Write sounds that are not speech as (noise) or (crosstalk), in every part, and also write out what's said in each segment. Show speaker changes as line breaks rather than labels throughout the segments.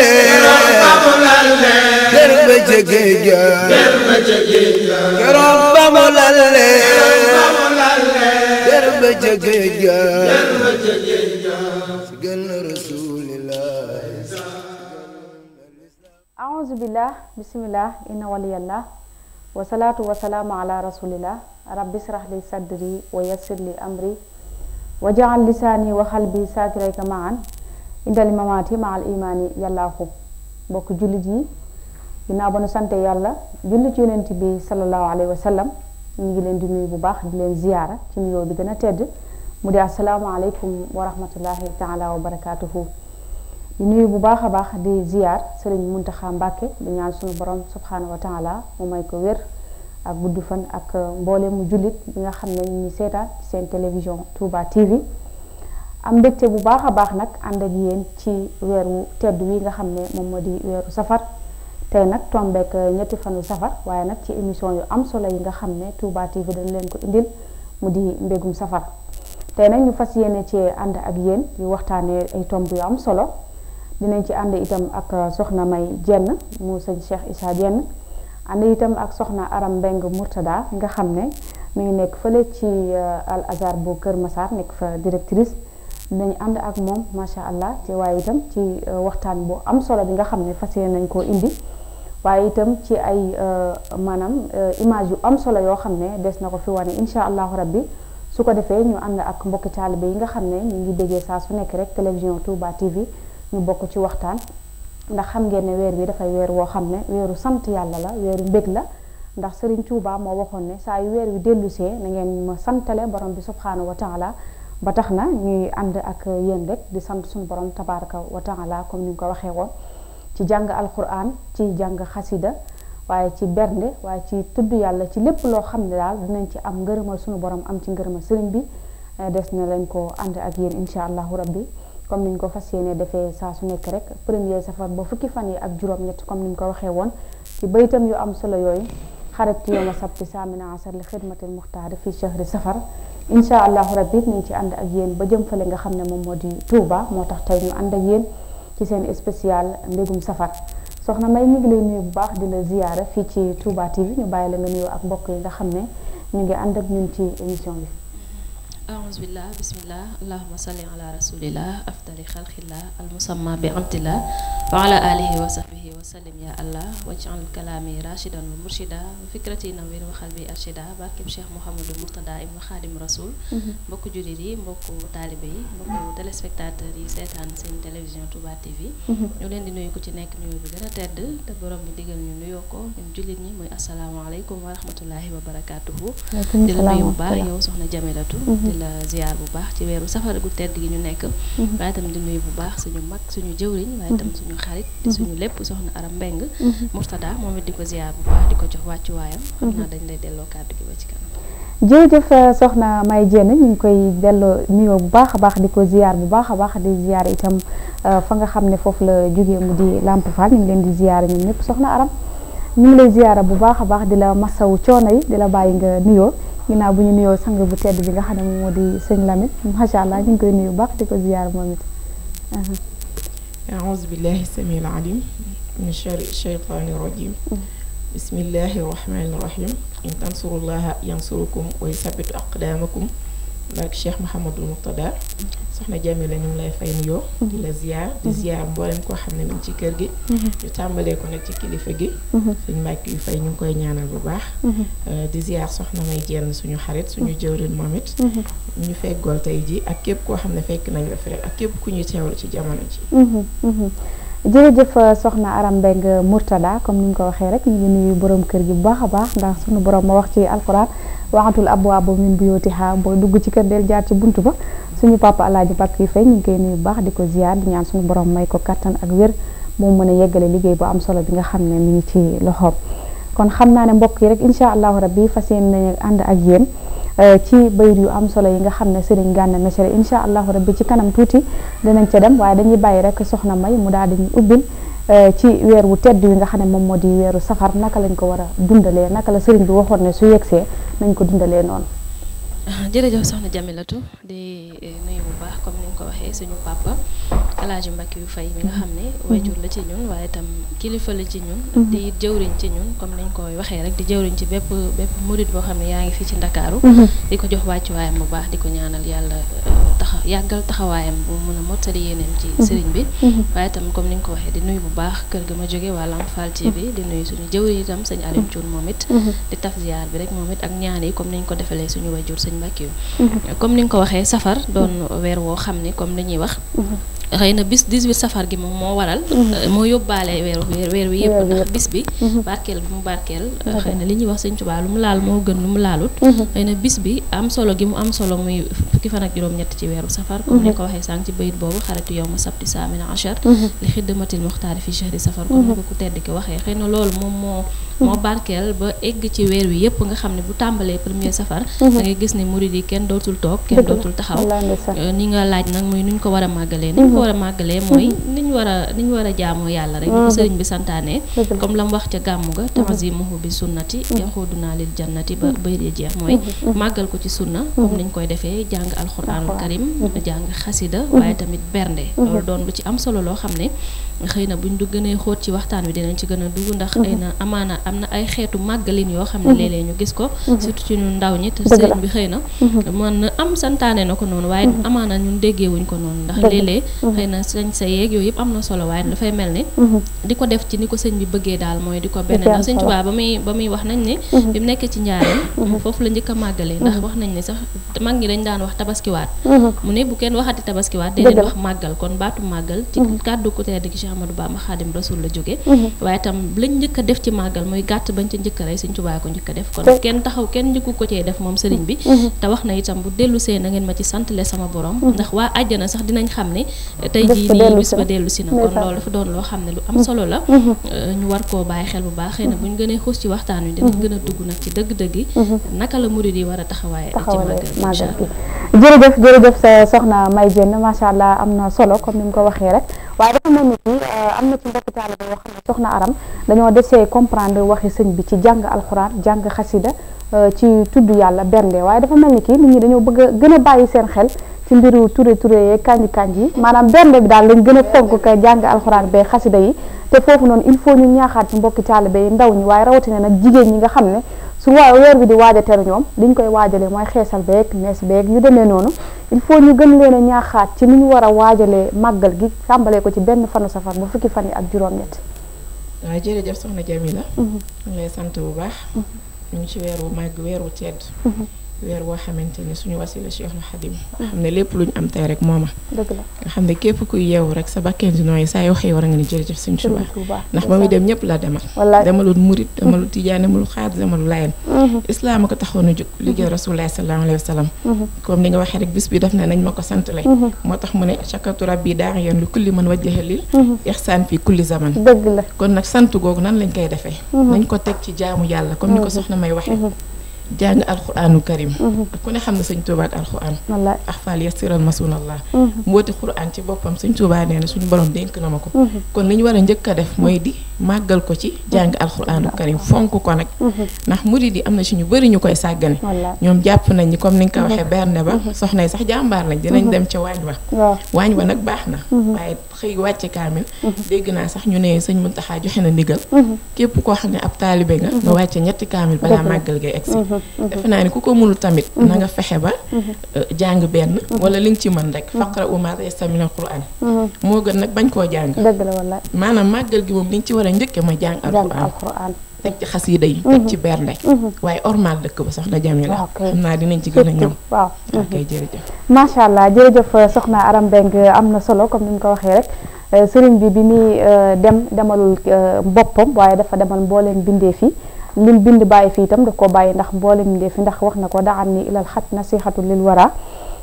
أعوذ
بالله بسم الله إن ولي الله وصلاة وسلام على رسول الله رب اشرح لي صدري ويسر لي أمري وجعل لساني وقلبي ساكريك معا indal mamaati ma al imaani yàllaahu bokk jullit yi ginnaaw ba nu sante yàlla jullit yonent bi sallallahu alayhi wa sallam ñu ngi leen nuyu bu baax di leen ziyaara ci nuyoo bi gën a tedd mu di asalaamaaleykum wa rahmatullahi taala wa barakaatuhu di nuyu bu baax a baax di ziyaar sëriñ Muntaxa Mbàkke di ñaan sunu borom subhaanahu wa taala mu may ko wér ak budd fan ak mboole mu jullit bi nga xam ne ñu seetaan ci seen télévision Touba TV am mbégte bu baax baax nak and ak yeen ci weeru tedd wi nga xam mom modi moo di tay nak tombé ak ñetti fanu safar waye nak ci émission yu am solo yi nga tu bati Touba TV dañ leen ko indil mu di mbégum safar tay nak ñu fas yéene ci and ak yeen yu ay tomb yu am solo dinañ ci and itam ak euh, soxna May Jenn mu sëñ Cheikh isa Jenn and itam ak soxna Aram beng Murtada nga xam mi ngi nekk ci euh, Al Azhar bu keur Massar nek fa directrice nañu ànd ak moom macha allah ci waaye itam ci euh, waxtaan boo am solo bi nga xam ne fas yéene nañ koo indi waaye itam ci ay euh, maanaam euh, image yu am solo yoo xam ne des na ko fi wane incha allahu rabbi su ko defee ñu ànd ak mbokki taalibe yi nga xam ne ñu ngi déggee saa su nekk rek télévision Touba TV ñu bokk ci waxtaan ndax xam ngeen ne weer bi dafay weer woo xam ne weeru sant yàlla la weeru mbég la ndax Serigne Touba moo waxoon ne saa yu weer wi dellusee na ngeen ma santale borom bi subxanahu wa taala. ba tax na ñuy ànd ak yéen rek di sant suñu borom tabaraka wa taala comme ni ñu ko waxee woon ci jàng alquran ci jàng xasida waaye ci bernde waaye ci tudd yàlla ci lépp loo xam ne daal dinañ ci am ngërëmal suñu borom am ci ngërëmal sëriñ bi eh, des na lañ ko ànd ak yéen incha allahu rabbi comme niñ ko fas yéene defee saa su nekk rek premier safar ba fukki fan yi ak juróom-ñett comme ni ñu ko waxee woon ci baytam yu am solo yooyu خربت يوم السبت الثامن عشر لخدمة المختار في شهر سفر إن شاء الله ربي نجي عند أجين بجم فلنغا خمنا مودي توبا موتاح عند أجين كي سين إسبسيال سفر سوخنا ماي نيغلي نيو باخ زيارة في تي توبا تيفي نيو بايلة خمنا نيجي عند أجين تي إميسيون
أعوذ بالله بسم الله اللهم صل على رسول الله أفضل خلق الله المسمى بعبد الله وعلى آله وصحبه وسلم يا الله واجعل كلامي راشدا ومرشدا وفكرتي نوير وخلبي أرشدا بارك الشيخ محمد المرتضى ابن خادم رسول بوكو جريري بوكو طالبي بوكو تلسبكتاتر سيتان سين تلفزيون توبا تي في نولين دي نويكو تنك نويكو جنا تد تبرم ديغل نويكو نجلين نمي السلام عليكم ورحمة الله وبركاته دلوي وبا يوصحنا جميلة la ziar bu baax ci weeru safar gu tedd gi ñu nekk mm-hmm. waaye di nuyu bu baax suñu mag suñu jëwriñ waaye itam mm-hmm. suñu xarit mm-hmm. suñu lépp soxna Aram Mbeng Murtada moom di ko ziar di ko jox wàccu waayam dañ lay delloo kàddu gi ba ci kanam
jërëjëf euh, May Dieng ñu ngi koy delloo nuyoo bu baax a baax di ko jiyaar bu baax a baax di ziar itam euh, fa nga xam ne foofu la jógee mu di Lamp ñu ngi leen di ziar ñoom ñëpp soxna Aram ñu ngi lay ziar bu baax a baax di la masawu coono yi di la bàyyi nga nuyoo ginnaaw bu ñu nuyoo sang bu tedd bi nga xam ne moom moo di sëñ Lamine macha allah ñu ngi koy nuyu bu baax di ko ziyaar moom it.
aouzu billahi samiil alim min sharri shaytaani rajim bismillahi rahmaani rahim in tansurullaha yansurukum wa yusabbit aqdamakum barke Cheikh Mouhamadul Muqtada soxna Jamila ñu ngi lay fay nuyoo. Mhm. di la ziar di mhm. ziar mboolem koo xam ne mi ci kër gi. Mhm. ñu tàmbalee ko nag ci kilifa gi. suñu mbàkk ñu ngi koy ñaanal bu baax. Euh, di ziar soxna may jenn suñu xarit suñu jëwrin moom it. ñu feggool tey ji ak képp koo xam ne fekk nañ la fi rek ak képp ku ñu teewlu ci jamono ji.
jërëjëf euh, soxna Aram Mbengue Mourtada comme ni nga ko waxee rek ñu ngi nuyu borom kër gi bu baax a baax ndax suñu borom ma wax ci alxuraan. waxatul abwaaba min buyootihaa boo dugg ci kër jaar ci bunt ba suñu papa alaaji bàkk yi fay ñu ngi koy nuyu baax di ko ziar di ñaan suñu borom may ko kattan ak wér moom mën a yeggale liggéey bu am solo bi nga xam ne mi ngi ci loxoom kon xam naa ne mbokk yi rek incha allahu rabbi fas yéene nañu ànd ak yéen euh, ci bayit yu am solo yi nga xam ne Serigne Gana Messere incha allahu rabbi ci kanam tuuti dinañ ca dem waaye dañuy bàyyi rek soxna May mu daal di ñu ubbil Euh, ci weer wu tedd wi nga xam ne moom moo di weeru safar naka lañ ko war a dundalee naka la sëriñ bi waxoon ne su yegsee nañ ko dundalee noonu.
Ah, jërëjëf soxna Jamilatu di eh, nuyu bu baax comme ko waxee suñu papa El Hadj Mbackiyou Faye mi nga mm-hmm. la ci ñun waaye itam mm-hmm. ci ñun comme nañ koy waxee rek di jëwriñ ci bépp bépp murit boo xam ne yaa ngi fii ci Ndakaaru mm-hmm. di ko jox wàccuwaayam bu baax di ko ñaanal yàlla euh, taxa yàggal taxawaayam bu a mottali yéeneem ci sëriñ bi waaye itam comme ni nga ko waxee di nuyu bu baax kër ga ma jóge waa Lamp di nuyu suñu jëwriñ itam sëñ Aliou Thioune moom it di taf ziar bi rek moom it ak ñaan yi comme ni ñu ko defalee suñu waajur sëñ Mbackiyou comme ni nga ko waxee safar doon weer woo xam ne yi comme li ñuy wax. Mhm. xëy na bis 18 safar gi moom moo waral. Mhm. Euh, moo yóbbaale weer weer weer wi yëpp ndax bi. Mhm. barkeel bu mu barkeel. Euh, xëy na li ñuy wax sëñ Tuubaa lu laal moo gën lu mu laalut. xëy na bis bi am solo gi mu am solo muy fukki fan ak ñett ci weeru safar. comme ni ko waxee sànq ci bayit boobu xaritu yow ma sabti saamina achar. li xidmatil muxtaari fi chahri safar. comme ni ko ku tedd ki na loolu moom moo. moo ba egg ci weer yëpp nga xam ne bu tàmbalee premier safar. da ngay gis ne murid yi kenn dootul toog kenn dootul taxaw. Euh, ni nga laaj na nag muy nuñ ko war a màggalee ni ñu ko mhm. war a màggalee mooy mhm. ni ñu a ni ñu war a jaamoo yàlla rek ni mhm. sëriñ bi santaane comme la mu wax ca gàmmu ga tanzimuhu bi sunnati yaxuduna lil jannati ba bëri jeex mooy màggal ko ci sunna comme niñ koy defee jàng alxuraanul karim jàng xasida waaye tamit bernde loolu doon lu ci am solo loo xam ne xëy na buñ du gënee xóot ci waxtaan wi dinañ ci gën a dugg ndax ay na amaana am na ay xeetu màggalin yoo xam ne léeg-léeg ñu gis ko surtout ci ñun ndaw ñi te sëriñ bi xëy na mën am santaane na ko noonu waaye amaana bëggee wuñ ko noonu ndax léeg-léeg mhm. xëy na sañ sa yeeg yooyu yëpp am na solo waaye dafay mel ne mhm. di ko def ci ni ko sëñ bi bëggee daal mooy di ko benn ndax sëñ Tuubaa ba muy ba muy wax nañ ne mhm. bi mu nekkee ci njaareem foofu la njëkk a màggale wax nañ ne sax mag ñi dañ daan wax tabaskiwaat mu ne bu kenn waxati tabaskiwaat day leen wax màggal kon baatu màggal ci kàddu ku tedd gi Cheikh Ahmadou Bamba Xaadim Rasul la jóge waaye itam lañ njëkk def ci màggal mooy gàtt bañ ca njëkk a sañ sëñ Tuubaa ko njëkk a def kon kenn taxaw kenn njëkku ko cee def moom sëriñ bi te wax na itam bu dellu see na ngeen ma ci santale sama borom ndax waa waa àjjana sax dinañ xam ne tey jii nii bis ba dellu si na kon loolu dafa doon loo xam ne lu am mm-hmm. solo la mm-hmm. euh, ñu war koo bàyyi xel bu baaxee xëy na mm-hmm. bu ñu gënee xuus ci waxtaan wi dinañ gën a dugg nag dëgg-dëgg naka la murid yi war a taxawaaye ci màggal
jërëjëf jërëjëf sa soxna May Dieng macha allah am na solo comme ni mu ko waxee rek waaye dafa mel ni euh, am na ci mbokk taalibe yoo xam ne soxna aram dañoo desee comprendre waxi sëñ bi ci jàng alxuraan jàng xasida euh, ci tudd yàlla bernde waaye dafa mel ni kii nit ñi dañoo bëgg a gën a bàyyi seen xel ci mbiru Touré Touré yeeg kanji kanji yi maanaam benn bi daal lañ gën a fonk kay jàng alxuraan bay xasida yi te foofu noonu il faut ñu ñaaxaat ci mbokki taalibe yi ndaw ñi jigéen ñi nga xam ne su waa weer bi di waaja teru ñoom liñ koy waajalee mooy xeesal beeg nees beeg yu demee noonu il faut ñu gën leen a ñaaxaat ci ni ñu war a waajalee màggal gi tàmbalee ko ci benn fanu safar bu fukki fan yi ak juróom-ñett.
waaw jërëjëf soxna Jamila. Mm-hmm. ñu lay sant bu baax. Mm-hmm. ñu ngi ci weeru màgg weeru tedd. Mm-hmm. weer boo xamante ni suñu wasila Cheikhul Xadim nga xam ne lépp luñ am tey rek mooma dëgg la nga xam ne képp kuy yeewu rek sa bakkeen di nooyi saa yoo xëy war nga ne jërëjëf suñ tuba ndax ba muy dem ñëpp la demal demalul murit demalul tijaan demalul xaad demalul layen islam ko taxoon a jóg liggéey rasulullah sallallahu alayhi wa sallam comme ni nga waxee rek bis bi daf ne nañ ma ko sant lay moo tax mu ne chakatu rabbi daa yoon lu kulli man wajjaha lil ihsaan fi kulli zaman dëgg la kon nag sant googu nan lañ koy defee nañ ko teg ci jaamu yàlla comme ni ko soxna may waxee jàng alxuraanu karim mhm. ku ne xam ne sëñ Tuubaa ak alxuraan ax faal yasiral masunallah mhm. mbooti xuraan ci boppam sëñ Tuubaa nee na suñu borom dénk na ma ko mhm. kon li ñu war a njëkk a def mooy di màggal ko ci jàng alxuraanu karim fonk ko nag ndax mu murid di am na si ñu bëri ñu koy sàggane ñoom jàpp nañ ni comme ni nga ko waxee berne ba soxna yi sax jàmbaar lañ dinañ dem ca waañ wa waañ wa nag baax na waaye xëy wàcce kaamil dégg naa sax ñu ne sëñ xaa joxe na ndigal képp koo xam ne ab taalibe nga nga wàcce ñetti kaamil balaa màggal gay egsi defe naa ni ku ko mënul tamit mhm. na nga fexe ba mhm. euh, jàng benn mhm. wala li nga ci mën rekk faqra uma taysa min alquran moo gën nag bañ koo jàng dëgg la wallaay maanaam màggal gi moom li nga ci war a njëkke ma jàng alquran teg ci xasida yi teg ci bernde waaye ormal dëkk ba soxna Jamila xam naa dinañ ci gën a ñëw waaw ok jërëjëf
macha allah jërëjëf euh, soxna Aram Mbengue euh, am na solo comme ni ñu ko waxee rek sëriñ bi bi muy dem demalul boppam waaye dafa demal mbooleem bindee fii lim bind bàyyi fii tam daf koo bàyyi ndax mboolem mbindéef fi ndax wax na ko daa am ni ilal xat nasihatu lil wara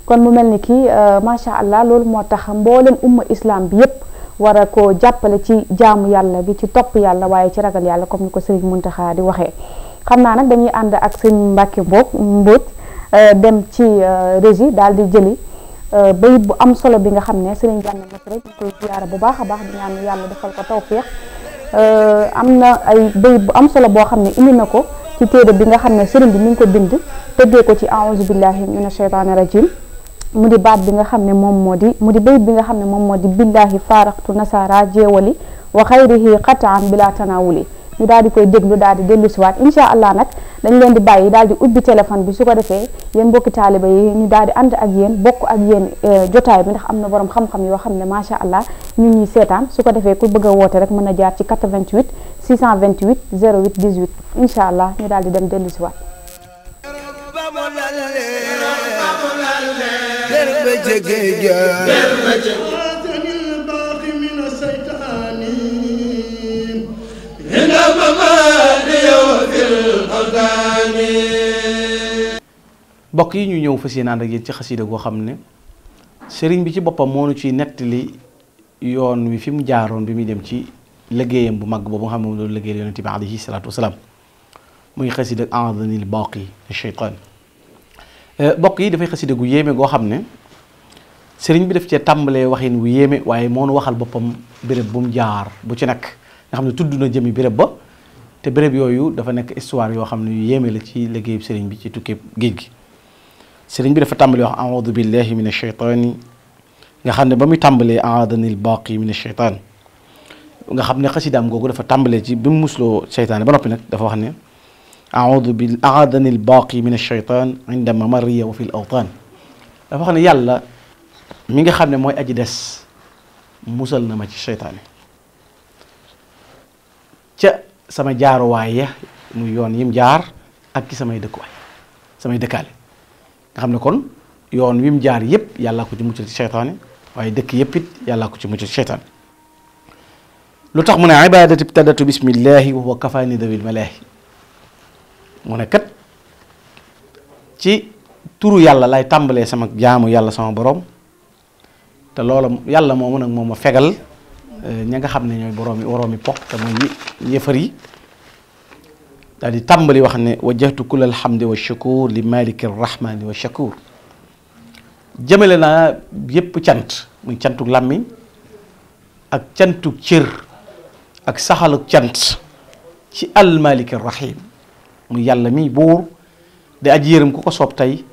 kon mu mel ni kii euh, macha allah loolu moo tax mboolem umma islam bi yépp war a koo jàppale ci jaamu yàlla bi ci topp yàlla waaye ci ragal yàlla comme ni ko Serigne Mountakha di waxee xam naa nag dañuy ànd ak sëñ Mbacke Mbodj Mbodj euh, dem ci euh, régie daal di jëli bayit bu am solo bi nga xam ne Serigne Ganna Messere ñu koy ziyaara bu baax a baax di ñaan yàlla defal ko tawféex Euh, am na ay béy bu am solo boo xam ne indi na ko ci téere bi nga xam ne sëriñ bi mi ko bind tëggee ko ci aouzu billahi mina sheytaani rajim mu di baat bi nga xam ne moom moo di mu di béy bi nga xam ne moom moo di billahi faaraxtu nasara jeewali wa xayrihi qataan bila tanawuli ñu daal di koy déglu daal di dellu si waat incha allah nag dañ leen di bàyyi daal di ubbi téléphone bi su ko defee yéen mbokki taaliba yi ñu daal di and ak yéen bokk ak yéen eh, jotaay bi ndax am na borom xam-xam yoo xam ne macha allah ñu ñuy seetaan ko defee bëgg a rek mën a jaar ci 88 628 08 18 incha allah ñu daal di dem dellu si waat.
mbokk yi ñu ñëw fas yéene ànd ak ci xasida goo xam ne sëriñ bi ci boppam moo nu ciy nettali yoon wi fi mu jaaroon bi muy dem ci liggéeyam bu mag boobu nga xam ne loolu liggéeyal yonente bi alayhi salaatu wasalaam muy xasida a'adhanil baaqi shaytaan eh, mbokk yi dafay xasida gu yéeme goo xam ne sëriñ bi def cee tàmbalee waxin wu yéeme waaye moo nu waxal boppam béréb bu mu jaar bu ci nekk nga xam ne tudd na jëmi béréb ba te béréb yooyu dafa nekk histoire yoo xam ne yu yéeme la ci liggéeyub sëriñ bi ci tukkeeb géej gi sëriñ bi dafa tàmbali wax aoudu billahi min asheytaani nga xam ne ba muy tàmbalee aadani lbaaqi min asheytaan nga xam ne xasidaam googu dafa tàmbalee ci bi mu musloo seytaane ba noppi nag dafa wax ne aoudu bi aadani lbaaqi min asheytaan inda mamariya wa fi l awtaan dafa wax ne yàlla mi nga xam ne mooy aji des musal na ma ci seytaane ca sama jaaruwaay ya muy yoon yim jaar ak ci samay dëkkuwaay samay dëkkaale nga xam ne kon yoon wi mu jaar yëpp yàllaa ko ci mucc ci seytaane waaye dëkk yëpp it yàllaa ko ci mucc ci seytaane lu tax mu ne ibadati ibtadatu bismillahi wa huwa kafaani dawil malaahi mu ne kat ci turu yàlla lay tàmbalee sama jaamu yàlla sama borom te loola yàlla moomu nag moo ma fegal Euh, ña nga xam ne ñooy boroomi boroomi po te mooy yëfar yi daal di tàmbali wax ne wajjahtu kull alhamdi wa shakur li maliki rahmani wa jëmale naa yépp cant muy cantuk làmmiñ ak cantuk cër ak saxaluk cant ci al maliki mu yàlla mi buur di aji yërëm ku ko soob tey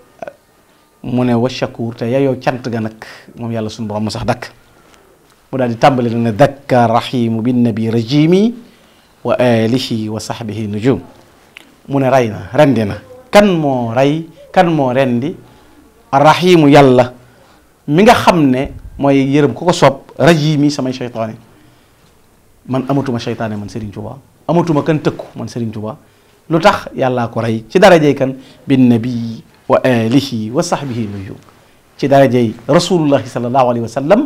mu ne wa shakur te yayoo cant ga nag moom yàlla suñ borom mu sax dakk mu daal di tàmbali na ne dakka rahimu bin nabi rajimi wa alihi wa sahbihi nujum mu ne rey na rendi na kan moo rey kan moo rendi rahimu yàlla mi nga xam ne mooy yërëm ku ko soob rajimi samay seytaane man amatuma seytaane man Serigne Touba amatuma kan tëkku man Serigne Touba lu tax yàllaa ko rey ci darajey kan bin nabi wa alihi wa sahbihi nujum ci darajey rasulullahi salallahu alayhi wa sallam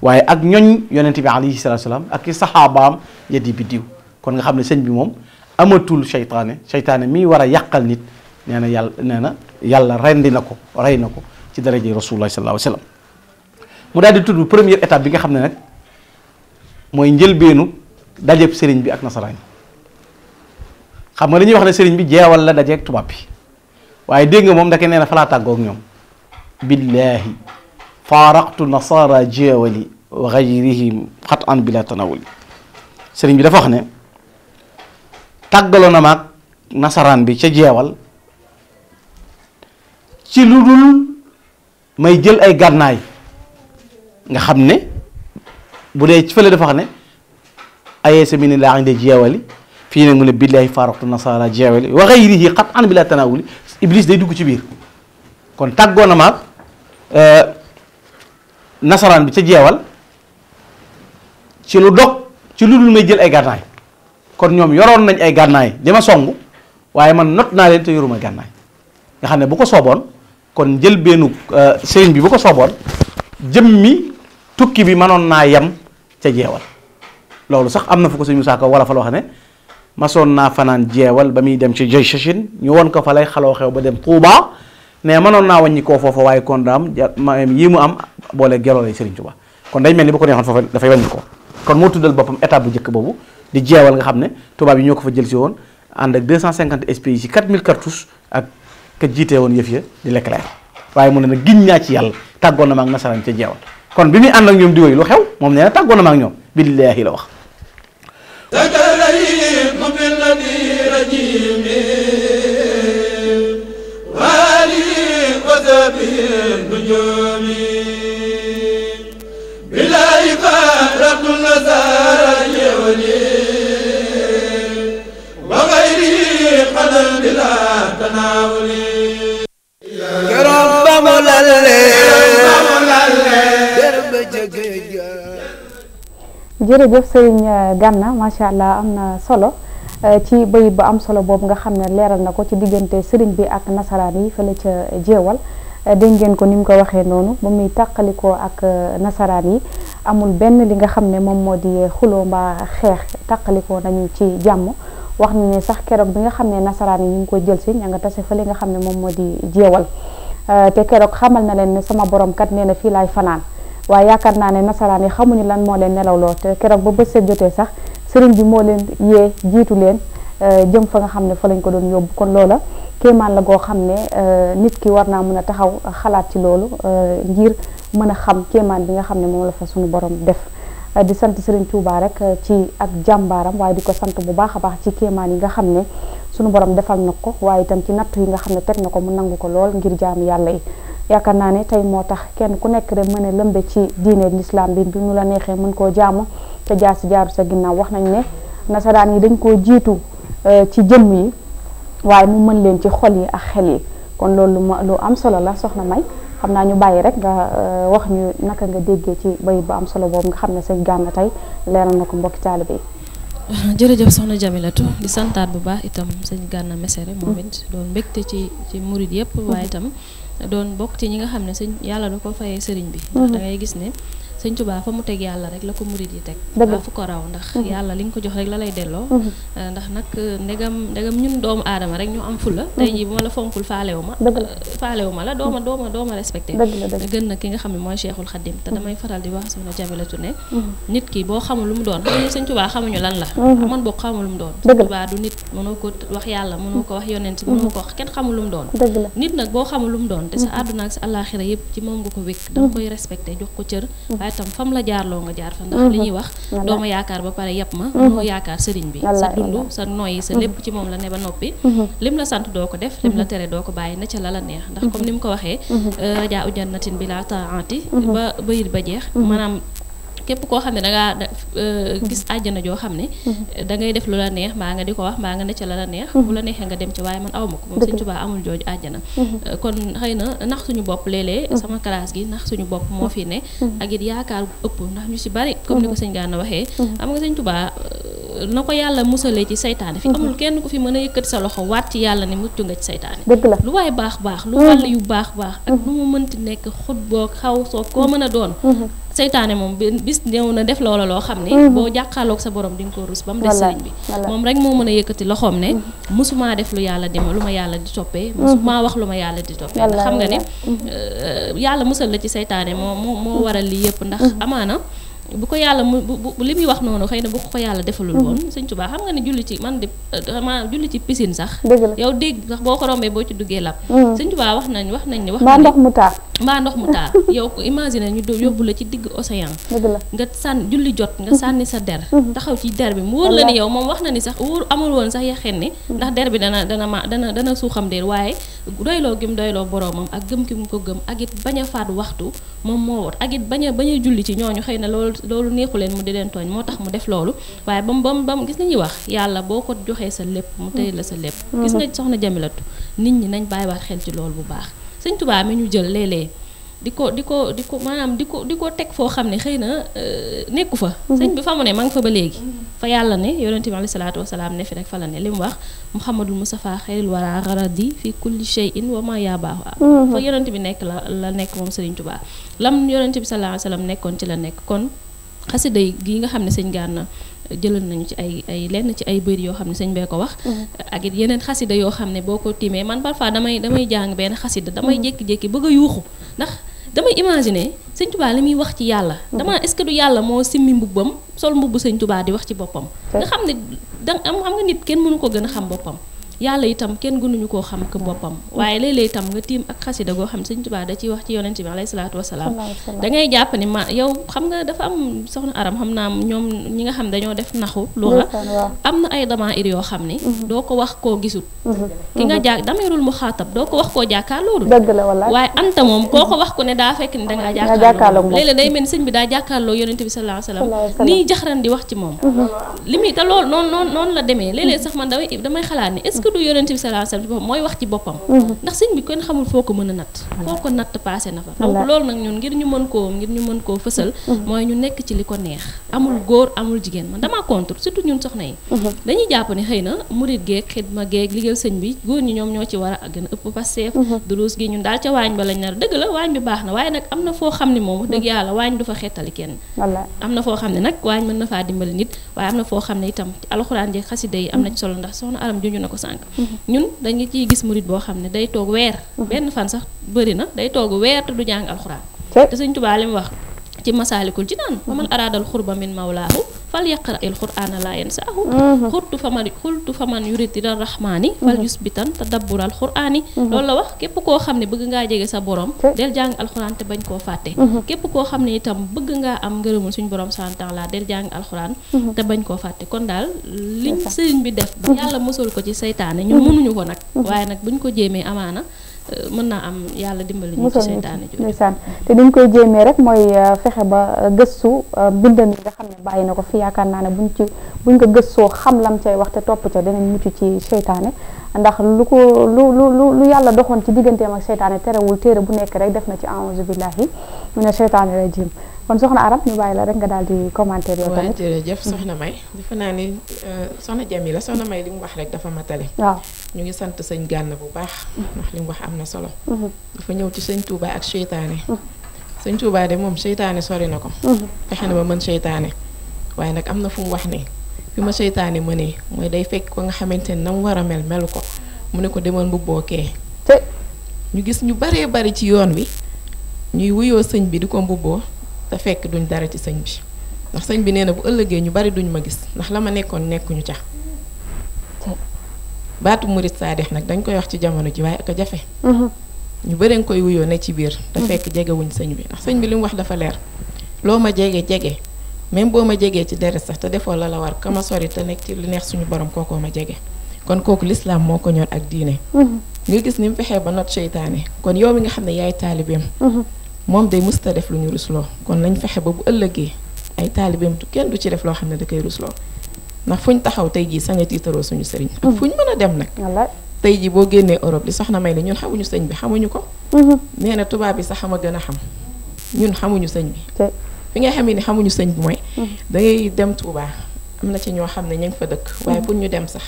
waaye ak ñoñ yonnati bi alayhi salatu salaam ak sahabaam saxaabaam ya di biddiw kon nga xamne sëñ bi mom amatul seytaane seytaane mi wara yakal nit neena na yàlla nee yàlla rendi na ko rey ko ci darajey rasulullahi salallahu alayhi wa mu daal tuddu premier étape bi nga xamne nak moy ñeël beenu dajeb señ bi ak nasaraay xam nga li ñuy wax ne señ bi jeewal la ak tubab bi waye deeng mom da ndeke neena fala falaa tàggoog بالله فارقت nasara جاولي وغيرهم قطعا بلا تناول bila بي دا bi dafa wax نصران بي na maag تي لودول ماي جيل اي lu nga xamne budé ci fële dafa xamne ayé ayeesa mi ne laa inde jeewali ne mu nasara jeewali wa ghayrihi qat'an bila tanawuli iblis day dugg ci bir kon tàggoo na Euh, nasaraan bi ca jeewal ci lu dog ci lu dul may jël ay gànnaay kon ñoom yoroon nañ ay gànnaay di ma song waaye man not naa leen te yoruma gànnaay nga xam ne bu ko sooboon kon jël bennu euh, sëriñ bi bu ko sooboon mi tukki bi mënoon naa yem ca jeewal loolu sax am na fu ko sëñ Musaa Ka wala fa la wax ne masoon naa fanaan jeewal ba muy dem ci jay shashin ñu won ko fa lay xaloo xew ba dem Tuubaa mais mënoon naa wàññi koo foofa waaye kon daam yi mu am boole geroo lay Serigne Touba kon day mel ni bu ko neexoon foofa dafay wàññi ko kon moo tuddal boppam étape bu boobu di jeewal nga xam ne tubaab yi ñoo ko fa jël si woon ànd ak 250 SPI ci 4000 cartouches ak ka jiitee woon yëf ya di Leclerc waaye mu na nag giñ naa ci yàlla tàggoon na ma ak nasaraan ca jeewal kon bi muy ànd ak ñoom di woy lu xew moom nee na tàggoon na ak ñoom billaahi la wax
keroog ba mu lalee
jërëjëf sëriñ euh, Gana macha allah am na solo euh, ci bayit ba am solo boobu nga xam ne leeral na ko ci diggante sëriñ bi ak nasaraan yi fële ca jeewal euh, dégg ngeen ko ni mu ko waxee noonu ba muy tàqalikoo ak nasaraan yi amul benn li nga xam ne moom moo di xuloo mbaa xeex tàqalikoo nañu ci jàmm wax na ne sax keroog bi nga xam ne nasaraan yi ñu ngi ko jël si ña nga tase fa li nga xam ne moom moo di jeewal euh, te keroog xamal na leen ne sama borom kat nee na fii laay fanaan waaye yaakaar naa ne nasaraan yi xamuñu lan moo leen nelawloo te keroog ba bët set jotee sax sëriñ bi moo leen yee jiitu leen euh, jëm fa nga xam ne fa lañ ko doon yóbbu kon loola kéemaan la goo xam ne euh, nit ki war naa mën a taxaw xalaat ci loolu ngir mën a xam kéemaan bi nga xam ne moom la fa suñu borom def di sant Serigne Touba rek eh, ci ak jàmbaaram waaye di ko sant bu baax a baax ci kéemaan yi nga xam ne sunu borom defal na ko waaye itam ci natt yi nga xam ne teg na ko mu nangu ko lool ngir jaamu yàlla yi. yaakaar naa ne tey moo tax kenn ku nekk rek mën a lëmbe ci diine l'islam bi nu la neexee mun koo jaamu te jaar si jaaru sa ginnaaw wax nañ ne nasaraan yi dañ koo jiitu eh, ci jëmm yi waaye mu mën leen ci xol yi ak xel yi kon loolu lu ma lu am solo la soxna May. xam naa ñu bàyyi rek nga euh, wax ñu naka nga déggee ci bay bu am solo boobu nga xam ne seen Gana tey leeral na ko mbokki taalibe yi
(laughs) jërëjëf soxna Jamilatu di santaat bu baax itam sëñ Gana Messere moom it doon mbégte ci ci murid yëpp waaye tam doon mbokk ci ñi nga xam ne sëñ yàlla da ko fayee sëriñ bi mm-hmm. da gis ne sëñ Tuubaa fa mu teg yàlla rek la ko murit yi teg waaw fu ko raw ndax yàlla li nga ko jox rek la lay delloo ndax nag ndegam ndegam ñun doomu aadama rek ñu am fulla tey jii bu ma la fonkul faalewu ma faalewu ma la dooma dooma dooma respecté gën na ki nga xam ne mooy Cheikhul Khadim te damay faral di wax soxna Jamilatu ne nit kii boo xamul lu mu doon xam ne sëñ Tuubaa lan la man boo xamul lu doon sëñ Tuubaa du nit mënoo ko wax yàlla mënoo ko wax yonent mënoo ko wax kenn xamul lu mu doon nit nag boo xamul lu mu doon te sa àdduna ak sa àllaaxira yëpp ci moom nga ko wékk danga jox ko laaj tam fam la jaarloo nga jaar fa ndax mhm. li ñuy wax doo ma yaakaar ba pare yàpp ma moo mhm. yaakaar sëriñ bi sa dund sa noyyi sa lépp mhm. ci moom la ne ba noppi lim la sant doo ko def lim la tere doo ko bàyyi na ca la neex ndax comme ni ko waxee euh, jaa u jannatin bi laa taati ba bayit ba jeex maanaam képp koo xam ne da ngaa euh, mm-hmm. gis àjjana joo xam ne mm-hmm. da ngay def lu la neex maa nga di ko wax maa nga ne ca la la neex bu la mm-hmm. neexee nga dem ci waaye man aw ma ko moom Sëñ Tuubaa amul euh, kon xëy na nax suñu bopp léeg sama classe gi nax suñu bopp moo fi ne ak yaakaar ëpp ndax ñu si bari comme ni ko sëñ waxee am nga Sëñ Tuubaa euh, na ko yàlla musalee ci saytaane fi amul kenn ku fi mën a yëkkati sa loxo waat ci yàlla ne mucc nga ci saytaane lu waaye baax baax lu wàll yu baax baax ak lu mu mënti nekk xut boo xaw soo koo mën a doon seytaane moom bis ñëw na def loola loo xam ne mhm. boo jàkkaarloog sa borom di nga ko ruus ba mu des sëriñ bi moom rek moo mën a yëkkati loxoom ne mosumaa mhm. def lu yàlla dima lu ma yàlla di toppee mosumaa mhm. wax lu ma yàlla di toppee ndax xam nga ne euh, yàlla musal la ci seytaane moo moo moo waral lii yëpp ndax amaana bu ko yàlla mu bu li muy wax noonu xëy na bu ko yàlla defalul woon mm-hmm. sëñ Tuubaa xam nga ne julli ci man de euh, vraiment julli ci piscine sax yow dégg sax boo ko rombee boo ci duggee lab mm-hmm. sëñ Tuubaa wax nañ wax nañ ni wax mbaa ndox
mu taa mbaa
(laughs) ndox mu taa yow ko imagine ñu yóbbu la ci digg océan nga sànn julli jot nga sànni sa der mm-hmm. taxaw ci der bi mu wóor la ni yow moom wax na ni sax amul woon sax yaxeen ni ndax der bi dana dana ma dana dana suuxam dee waaye doyloo gim doyloo boroomam ak gëm ki mu ko gëm ak it bañ a faat waxtu moom moo wot ak it bañ a julli ci ñooñu xëy na loolu neexu leen mu di leen tooñ moo tax mu def loolu waaye ba mu ba mu ba mu gis nañuy wax yàlla boo ko joxee sa lépp mu tey la sa lépp gis nga soxna jamilatu nit ñi nañ bàyyiwaat xel ci loolu bu baax sëñ Tuubaa mi ñu jël léeg-léeg di ko di ko di ko maanaam di ko di ko teg foo xam ne xëy na euh, nekku fa mhm. sëñ bi fa mu ne ma fa ba léegi fa yàlla ne yonente bi alayhi salaatu wasalaam ne rek fa la ne li mu wax muhammadul mustafa xayril wara raradi fi kulli shay'in wa ma yaa baaxu mhm. fa bi nekk la la nekk moom Sëriñ Tuubaa lam yonente bi sallallahu alayhi wasallam nekkoon ci la nekk kon xasida gi nga xam ne sëñ Gana jëlal nañu ci ay ay lenn ci ay bëri yoo xam ne sëñ bee ko wax mm-hmm. ak it yeneen xasida yoo xam ne boo ko tiimee man parfois damay damay jàng benn xasida damay mm-hmm. jékki-jékki bëgg a yuuxu ndax damay imaginer sëñ Touba li muy wax ci yàlla mm-hmm. dama est-ce que du yàlla moo simmi mbubbam sol mbubbu sëñ tubaa di wax ci boppam nga xam ne da am xam nga nit kenn mënu ko gën a xam boppam yàlla itam kenn gënuñu koo xam que boppam waaye léeg-léeg itam nga tiim ak xasida goo xam da ciy wax ci yonent bi alayhi salaatu wasalaam da ngay jàpp ni ma yow xam nga dafa am soxna aram xam naa ñoom ñi nga xam dañoo def naxu luxa am na ay damair yoo bi daa jàkkaarloo yonent bi nii jaxaran di wax ci moom mhm. li muy te loolu noonu noonu la demee léeg sax man damay xalaat ni est du yonent bi sallallahu alayhi wasallam mooy wax ci boppam mhm. ndax sëñ bi kenn xamul foo ko mën a natt foo ko natt passé na fa donc loolu nag ñun ngir ñu mën koo ngir ñu mën koo fësal mhm. mooy ñu nekk ci li ko neex amul góor amul jigéen man damaa contre surtout ñun soxna yi mhm. dañuy jàpp ne xëy na murit geeg xidma geeg liggéey sëñ bi góor ñi ñoom ñoo ci war a gën a ëpp passeef duluus gi ñun daal ca waañ ba lañ nar dëgg la waañ bi baax na waaye nag am na foo xam ne moom wax dëgg yàlla waañ du fa xettali kenn am na foo xam ne nag waañ mën na faa dimbali nit waaye am na foo xam ne itam ci alxuraan jeeg xasida yi am na ci solo ndax soxna aram juñu na ko sànq. ñun dañu ciy gis murit boo xam ne day toog weer. benn fan sax bëri na day toog weer te du jàng alxuraan. te Sëñ Tuubaa li mu wax. ci masaalikul jinaan wa mhm. man araadal xurba min mawlaahu fal yaqra il qur'aana laa yansaahu mhm. xultu fa man xultu fa man yurid ila rahmaani mhm. fal yusbitan tadabbural qur'aani loolu la wax képp koo xam ne bëgg ngaa jege sa borom del jàng alxuraan te bañ koo fàtte koo xam ne itam bëgg ngaa am ngërëmul suñu borom santan la del jàng alxuraan te bañ koo fàtte kon daal liñ sëriñ bi def ba yàlla mësul ko ci seytaane ñun mënuñu ko nag waaye nag buñ ko jéemee amaana Euh, mën naa am yàlla dimbali ñu ci seytaane jooju
ndeysaan te ni ñu koy jéemee rek mooy euh, fexe ba euh, gëstu bindam yi nga xam ne bàyyi na ko fi yaakaar naa ne buñ ci buñ ko gëstoo xam lam cay wax te topp ca danañ mucc ci seytaane ndax lu ko lu lu lu lu yàlla doxoon ci digganteem ak seytaane terewul téere bu nekk rek def na ci a'uuzu billahi mina seytaane rajim kon soxna Arame ñu bàyyi la rek nga daal di commentaire yoo tamit. waaw jërëjëf soxna
May. defe naa ni yi euh, la soxna May li wax rek dafa matale. waaw ñu ngi sant sëñ Gànn bu baax. ndax wax am na solo. Mm-hmm. dafa ñëw ci sëñ Touba ak seytaane. Mm-hmm. sëñ Touba de moom seytaane sori na ko. Mm-hmm. fexe na ba mën seytaane. waaye nag am na fu wax ni fi ma seytaane mënee mooy day fekk ko nga xamante ni na war a mel melu ko mu ne ko demal bu bookee te ñu gis ñu baree bari ci yoon wi ñuy wuyoo sëñ bi di ko mbubboo te fekk duñ dara ci sëñ bi ndax sëñ bi nee na bu ëllëgee ñu bari duñ ma gis ndax la ma nekkoon nekkuñu ca baatu murit saadex nag dañ koy wax ci jamono ji waaye ak jafe mhm. ñu bëreen koy wuyoo ne ci biir te mhm. fekk jegewuñ sëñ bi ndax sëñ bi li mu wax dafa leer loo ma jege jege même boo ma jegee ci deret sax te defoo la la war ka ma sori te nekk ci li neex suñu borom kookoo ma jege kon kooku lislaam moo ko ñor ak diine mhm. nga gis ni mu fexee ba not seytaane kon yow mi nga xam ne yaay taalibeem mom day musta def lu ñu rusloo kon lañ fexe ba bu ëllëgé ay talibem tu kenn du ci def lo xamné da kay rusloo ndax fu ñu taxaw tay ji sañ a tiitaroo suñu sëriñ ak fu ñu dem nak tay ji bo génné Europe li soxna may la ñun xamuñu sëñ bi xamuñu ko néna tuba bi sax xam a xam ñun xamuñu sëñ bi fi nga xamé ni xamuñu sëñ bi moy da ngay dem tuba amna ci ño xamné ne fa dëkk waaye pour ñu dem sax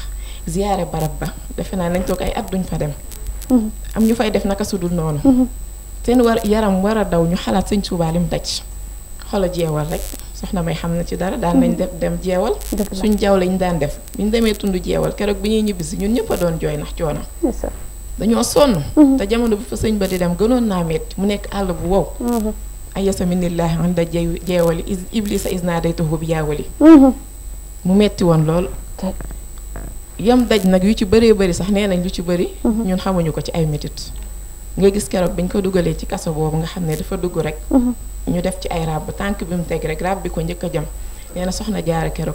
ziaré barab ba defe naa nañ tok ay at duñ fa dem am ñu fay def naka sudul nonu seen war yaram war a daw ñu xalaat sëñ Tuubaa lim daj xolo jeewal rek soxna may xam na ci dara daan nañ mm-hmm. def dem jeewal suñ jaww lañ daan def bu ñu demee tund jeewal keroog bi ñuy ñibbisi ñun ñëpp a doon jooy ndax coono dañoo sonn mm-hmm. jamono bu ba di dem gënoon naa metti mu nekk àll bu wow mm-hmm. ayasa minillaahi anda jeewali iblisa isna day taxu bi yaawali mu metti woon lool yam daj nag yu ci bëree bëri sax nee nañ lu ci bëri ñun xamuñu ko ci ay métit nga gis keroog bi ñu ko dugalee ci kaso boobu nga xam ne dafa dugg rek. Mhm. ñu def ci ay rab tànk bi mu teg rek rab bi ko njëkk a jëm nee na soxna jaara keroog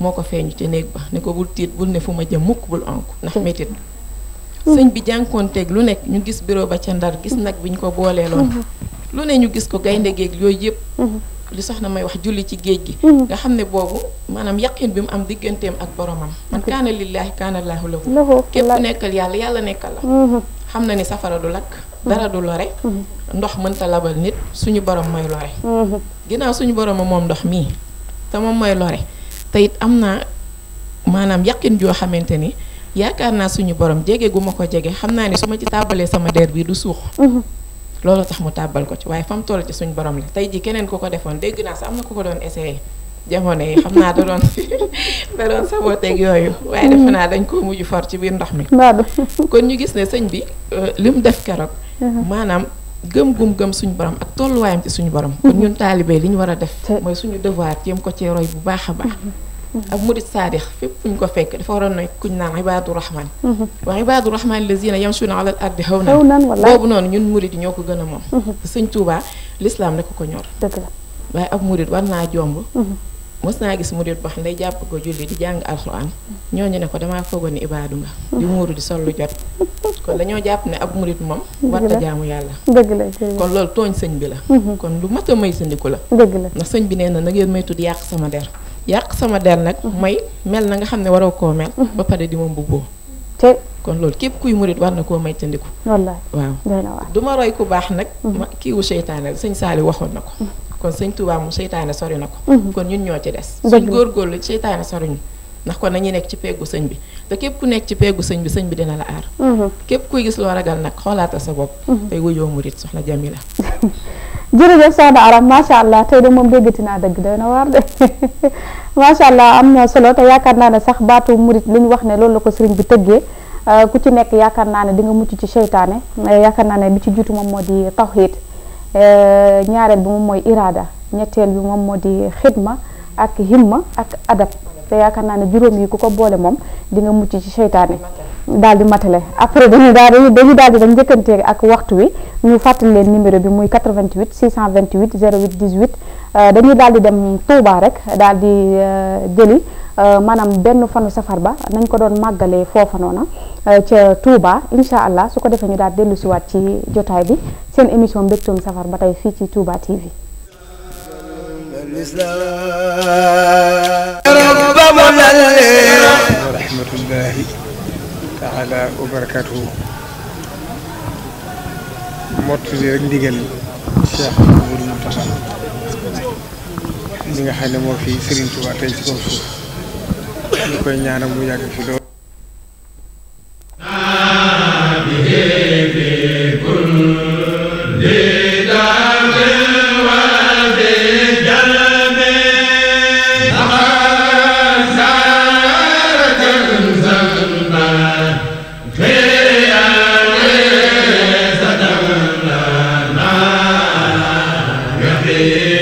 moo ko feeñu ci néeg ba ne ko bul tiit bul ne fu ma jëm mukk bul onk ndax métit mhm. sëñ bi jànkoonteeg lu nekk ñu gis bureau ba ca ndar gis nag bi ñu ko booleeloon. Mhm. lu ne ñu gis ko gaynde géeg yooyu yëpp. li soxna may wax julli ci géej gi. nga xam ne boobu maanaam yaqin bi mu am digganteem ak boromam. man kaana lillaahi kaana laahu lahu képp nekkal yàlla yàlla nekkal xam na ni safara du lakk dara du lore ndox mënta labal nit suñu borom mooy lore ginnaaw suñu borom moom ndox mii te moom mooy lore te it am naa maanaam yàqin joo xamante ni yaakaar naa suñu borom jege gu ma ko jege xam naa ni su ma ci tàbbalee sama der bi du suux loolu tax mu tàbbal ko ci waaye fa mu ci suñu borom la tey ji keneen ku ko defoon dégg naa sax am na ku ko doon essayé jamono yi xam naa da doon da doon sabooteeg yooyu waaye defe naa dañ koo mujj for ci biir ndox mi kon ñu gis ne sëñ bi li mu def keroog maanaam gëm gum gëm suñu borom ak tolluwaayam ci suñu borom kon ñun taalibe li ñu war a def mooy suñu devoir jéem ko ci roy bu baax a baax ak murit saadix fépp fu ñu ko fekk dafa waroon nekk kuñ naan ibaadu rahman waa ibaadu rahman lazina yamshuna alal ardi hawnan boobu noonu ñun murit yi ñoo ko gën a moom sëñ Tuubaa lislaam rek ko ñor waaye ab murit war naa jomb mos naa gis murit boo xam day jàpp ko julli di jàng alxuraan ñooñu ne ko damaa foogoon ni ibaadu nga di muuru di sol lu jot kon dañoo jàpp ne ak murit moom warta jaamu yàlla dëgg la kon loolu tooñ sëñ bi la mm-hmm. kon lu mat a may sandiku la dëgg la ndax sëñ bi nee na na ngeen may tudd yàq sama der yàq sama der nag may mm-hmm. mel na nga xam ne waroo koo mel mm-hmm. ba pare di ma mbubboo te kon loolu képp kuy murit war na koo may tandiku
wallaay waaw
du ma roy ku baax nag kiiwu seytaane la sëñ Saali waxoon na ko kon sëñ Tuubaa moom seytaane sori na ko mhm. kon ñun ñoo ci des suñ góorgóorlu seytaane soriñu ndax kon nañuy nekk ci peggu sëñ bi te képp ku nekk ci peggu sëñ bi sëñ bi dina la aar mhm. képp kuy gis loo ragal nag xoolaatal sa bopp mhm. tey wujoo murit soxna Jamila
(laughs) jërëjëf soxna Aram macha allah tey moom déggati naa dëgg doy na waar de (laughs) macha am na solo yaakaar naa ne sax baatu murit li ñu wax ne loolu la ko sëriñ bi tëggee euh, ku ci nekk yaakaar naa ne di nga mucc ci seytaane euh, yaakaar naa ne bi ci jiitu moom moo di tawxiid Euh, ñaareel bi moom mooy iraada ñetteel bi moom moo di xidma ak himma ak adab te yaakaar naa ne juróom yi ku ko boole moom di nga mucc ci seytaane daal di matale après dañu daal dañu daal di dañ njëkkante ak waxtu wi ñu fàttali leen numéro bi muy 88 628 08 18 dañuy daal di dem Touba rek daal di euh, jëli Euh, maanaam benn fanu safar ba nañ ko doon màggalee foofa noona euh, ca Touba incha allah su ko defee ñu daal dellu waat ci jotaay bi seen émission mbégtum safar ba tey fii ci Touba
xam ne moo fi tey ci kaw suuf ñu koy ñaanal mu yàgg fi lool.
Yeah.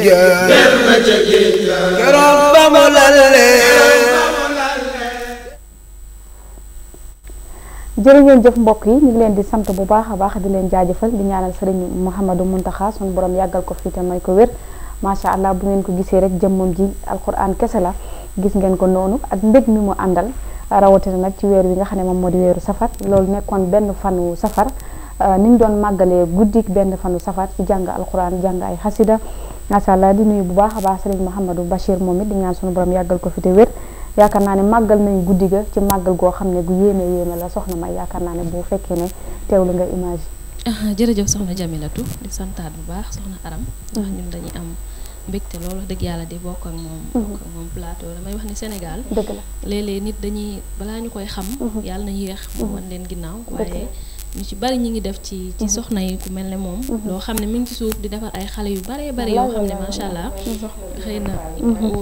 géej keroog ba mu lalee
jërë ngeen jëf mbokk yi ñu ngi leen di sant bu baax a baax di leen jaajëfal di ñaanal sëriñ Mouhamadou Mountakha sunu borom yàggal ko fii may ko wér macha allah bu ngeen ko gisee rek jëmmam ji alquran kese la gis ngeen ko noonu ak mbég mi mu àndal rawatina nag ci weer wi nga xam ne moom moo di weeru safar loolu nekkoon benn fanu safar euh, ni ñu doon màggalee guddik benn fanu safar ci jàng alquran jàng ay xasida macha allah di nuyu bu baax a baax Serigne Mouhamadou Bachir moom it di ñaan sunu borom yàggal ko fi te wér yaakaar naa ne màggal nañ guddi ga ci màggal goo xam ne gu yéeme yéeme la soxna may yaakaar naa ne bu fekkee ne teewlu nga image
yi. Ah, jërëjëf soxna Jamilatu di santaat bu baax soxna Aram ndax ñun dañuy am. mbégte loolu dëgg yàlla di bokk ak moom mhm. bokk ak moom plateau damay wax ne senegal dëgg la léeg nit dañuy balaa ñu koy xam mhm. yàlla na yéex mu mhm. wan leen ginnaaw waaye ñu ci bari ñi ngi def ci ci mhm. soxna yi ku mel ne moom. Mhm. loo xam ne mi ngi ci suuf di defar ay xale yu baree bare yoo xam ne macha allah. Mhm. xëy na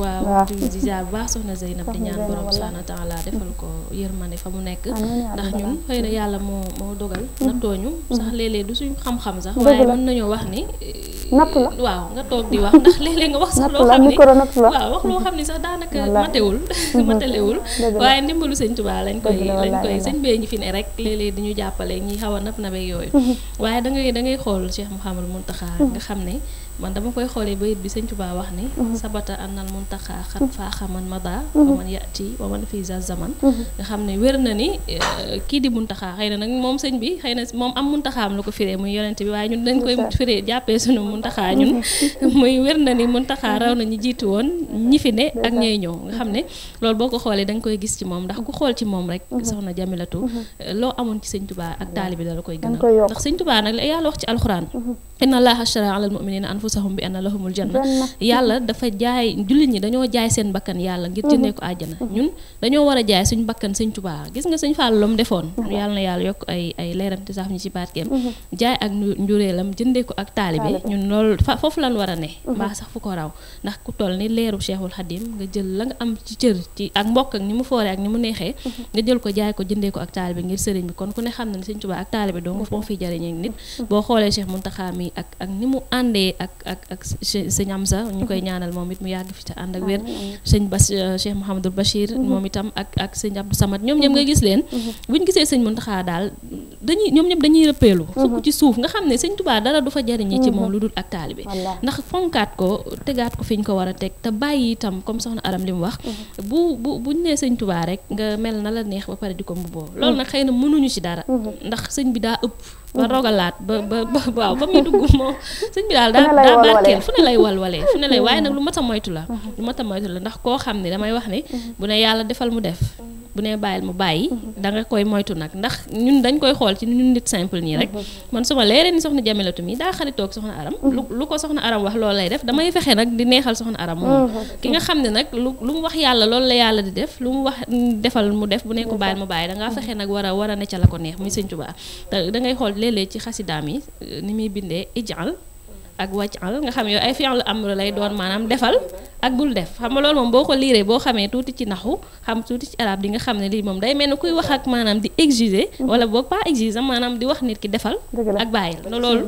waaw di
jaar bu baax soxna Zeynab di ñaan borom subhaana taala defal ko yërmande fa mu nekk. ndax ñun xëy na yàlla moo moo dogal. nattooñu sax du suñu xam-xam sax. waaye mën nañoo wax ni. natt la eh, waaw nga toog di wax ndax léeg nga wax sax loo xam ne waaw wax loo xam ne sax daanaka matewul (laughs) matalewul waaye ndimbalu sëñ Tuubaa lañ koy lañ koy sëñ bee ngi fi ne rek léeg di ñu jàppale ñi xaw a nab nabeeg yooyu. Mhm. waaye da ngay da ngay xool Cheikh Mouhamadou Mountakha mhm. nga xam ne. man dama koy xoolee bayit bi sëñ Tuubaa wax ni mhm. sabata annal muntaxaa xat mhm. faaxa man mada mhm. wa man yati wa man fii za zaman nga xam ne wér na ni eh, kii di muntaxaa xëy na nag moom sëñ bi xëy na moom am muntaxaam la ko firee muy yonente bi waaye ñun dañ koy firee jàppee sunu muntaxaa ñun muy wér na ni muntaxaa raw na ñu jiitu woon ñi fi ne ak ñooy ñëw nga xam ne loolu boo ko xoolee da koy gis ci moom ndax ku xool ci moom rek soxna Jamilatu eh, loo amoon ci sëñ Tuubaa ak taalibi bi la koy gënal ndax sëñ Tuubaa nag la wax ci alxuraan inna allaha ashtara alal muminina anfusahum bi anna lahumul janna yàlla dafa jaay jullit ñi dañoo jaay seen bakkan yàlla ngir mhm. jëndee ko àjjana mhm. ñun dañoo war a jaay suñ bakkan sëñ Tuubaa gis nga sëñ Fallu lam defoon mhm. yàlla na yàlla yokk ay ay leeram te saaf ñu ci barkeem jaay ak njureelam jëndee ko ak taalibe ñun loolu foofu a ne ko raw ndax ku toll ni leeru Cheikhul Xadim nga jël la nga am ci cër ci ak mbokk ak ni mu foore ak ni mu neexee nga jël ko jaay ko jëndee ko ak taalibe ngir sëriñ bi kon ku ne xam na ne sëñ Tuubaa ak taalibe doo nga moo jariñee nit boo xoolee Cheikh Muntaxa mi yi ak ak ni mu àndee ak ak ak sëñ Amza ñu koy ñaanal moom it mu yàgg fi te ànd ak wér sëñ Bas euh, Cheikh Mouhamadul Bachir mhm. moom itam ak ak sëñ Abdou Samad ñoom ñëpp nga mhm. gis leen mhm. buñ gisee sëñ Muntaxa daal dañuy ñoom ñëpp dañuy rëppeelu fukk ci suuf nga xam ne sëñ Tuubaa dara du fa jariñi ci moom lu dul ak taalibe ndax fonkaat ko tegaat ko fi ñu ko war a teg te bàyyi itam comme soxna Aram li mu wax bu bu buñ nee sëñ Tuubaa rek nga mel na la neex ba pare di ko mbubboo loolu nag xëy mënuñu ci dara ndax sëñ bi daa ëpp ba rogalaat ba ba waaw ba muy dugg (laughs) moom sëñ bi daal daa daa barkeel fu ne lay walwalee fu ne lay (laughs) waaye nag lu mat a moytu la lu mat a moytu la ndax koo xam ne damay wax ni (laughs) bu ne yàlla defal mu def bu nee bàyyil mu bàyyi da nga koy moytu nag ndax ñun dañ koy xool ci ñun nit simple nii rek man su ma leeree ni soxna jamelatu mi daa xaritoog soxna aram lu lu ko soxna aram wax loolu lay def damay fexe nag di neexal soxna aram moom uh-huh. ki nga xam ne nag lu lu mu wax yàlla loolu la yàlla di def lu mu wax mm, defal mu def bu nee ko bàyyil mu bàyyi danga ngaa fexe nag war a war a ne ca la ko neex muy sëñ Tuubaa da ngay xool léeg-léeg ci xasidaam yi eh, ni muy bindee ijal ak wàccal nga xam yooyu ay fi'l amr lay doon maanaam defal ak bul def xam nga loolu moom boo ko liiree boo xamee tuuti ci naxu xam tuuti ci arab di nga xam ne lii moom day mel ni kuy wax ak maanaam di exiger wala boog pas exiger maanaam di wax nit ki defal ak bàyyil loolu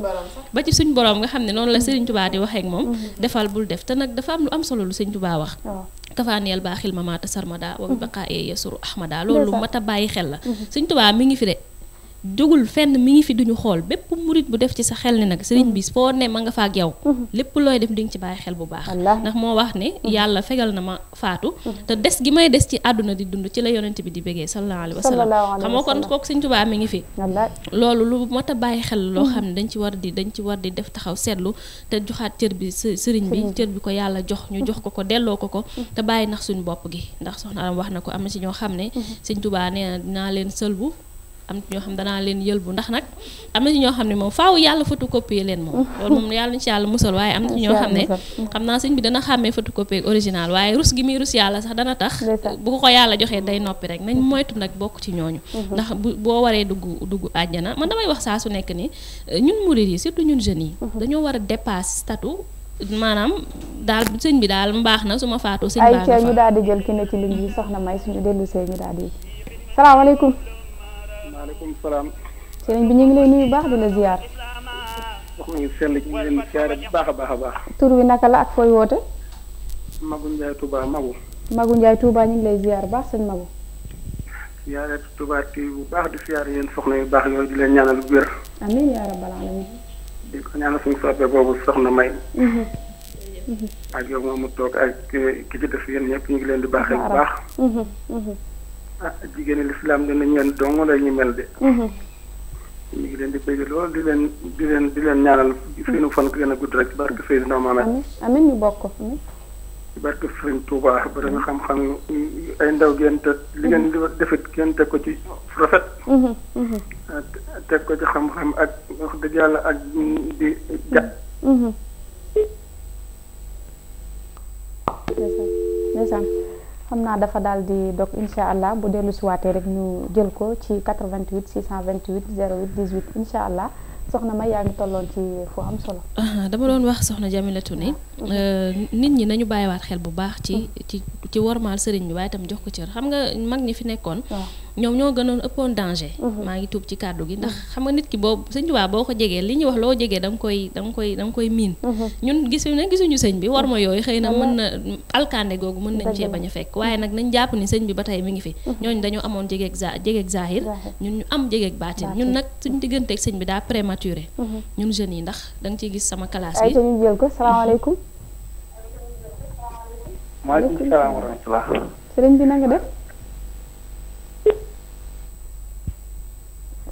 ba ci suñ borom nga xam ne noonu la Serigne Touba di waxee moom mhm. defal bul def te nag dafa am lu am solo lu Serigne Touba wax kafaaniyal baaxil mamaata sarmada wa bi baqaa ee yasuru ahmada loolu lu mat a bàyyi xel la mhm. Serigne Touba mi ngi fi de dugul fenn mi ngi fi duñu xool bépp murit bu def ci sa xel ne nag sëriñ mm-hmm. bi foo ne ma nga fa ak yow mm-hmm. lépp looy def di nga ci bàyyi xel bu baax ndax moo wax ne mm-hmm. yàlla fegal na ma faatu te des gi may des ci àdduna di dund ci la yonent bi di bégee sallallahu alayhi wa sallam xam nga kon kooku sëñ Tuubaa mi ngi fi loolu lu mot bàyyi xel loo xam ne dañ ci war di dañ ci war di def taxaw seetlu te joxaat cër bi sëriñ bi cër bi ko yàlla jox ñu jox ko ko delloo ko ko te bàyyi nax suñu bopp gi ndax soxna am wax na ko am si ñoo xam ne sëñ Tuubaa nee na dinaa leen sëlbu am ñoo xam danaa leen yëlbu ndax nag am na ci ñoo xam ne moom faaw yàlla photocopier leen moom (laughs) loolu moom yàlla ñu ci yàlla musal waaye am na ci ñoo xam ne xam naa sëñ bi dana xàmmee photocopier original waaye rus gi muy rus yàlla sax dana tax bu ko ko yàlla joxee day noppi rek nañ moytu nag bokk ci ñooñu mhm. ndax bu boo waree dugg dugg àjjana man damay wax saa su nekk ni eh, ñun murid yi surtout ñun jeunes yi mhm. dañoo war a dépasser statut maanaam daal sëñ bi daal mbaax na su ma faatoo sëñ baax na fa ay ñu
daal di jël kenn ci ligne bi soxna may suñu dellu see ñu daal
waaleykum salaam.
sëriñ bi ñu ngi lay nuyu baax di la ziar.
wax nañu sell ñu leen ziare bu baax a baax a baax.
tur wi naka la ak fooy woote.
Magu Ndiaye Touba Magu.
Magu Ndiaye Touba ñu ngi baax sëñ Magu.
bu baax di ziare yéen soxna yu baax yooyu di leen ñaanal bu wér. di ko ñaanal suñu soppe boobu soxna May. Mhm. ak yow moom mu toog ak ki ñu ngi leen di baaxee bu
baax.
ah jigéeni lislaam dana ñeen dong la ñu mel de. Mhm. ñu ngi leen di bëgg lool di leen di leen di leen ñaanal nu fan ko gën a gudd rek barke Seydina Mohamed. amiin
amiin ñu bokk ko.
barke Tuubaa ba nga xam-xam ay ndaw ngeen li ngeen mhm. defit ngeen ko ci rafet. Mhm, ah, teg ko ci xam-xam ak wax dëgg yàlla ak di
ja.
ndeysaan ndeysaan xam naa dafa daal di dog incha allah bu dellu siwaatee rek ñu jël ko ci vingt 88 628 08 18 incha allah soxna May yaa ngi tolloon ci fu am solo.
dama doon wax soxna Jamilatu ni mhm. euh, nit ñi nañu waat xel bu baax. ci ci ci wormaal sëriñ bi waaye itam jox ko cër xam nga mag ñi fi nekkoon. ñoom ñoo gënoon ëppoon danger mhm. maa ngi tuub ci kàddu gi ndax xam nga nit ki boo sëñ Tuubaa boo ko jegee li ñuy wax loo jegee da nga koy da nga koy da nga koy miin mhm. ñun gis na gisuñu sëñ bi war ma yooyu xëy na mhm. mën na alkande googu mën nañ cee bañ a fekk waaye nag nañ jàpp ni sëñ bi ba tey mi ngi fi ñooñu dañoo amoon jegeeg za jegeeg zahir ñun ñu am jegeeg baatin ñun nag suñu digganteeg sëñ bi daa prématuré ñun jeunes yi ndax da nga ciy gis sama classe bi
ñu jël ko salaamaaleykum
maaleykum salaam wa rahmatullah
sëriñ bi na nga def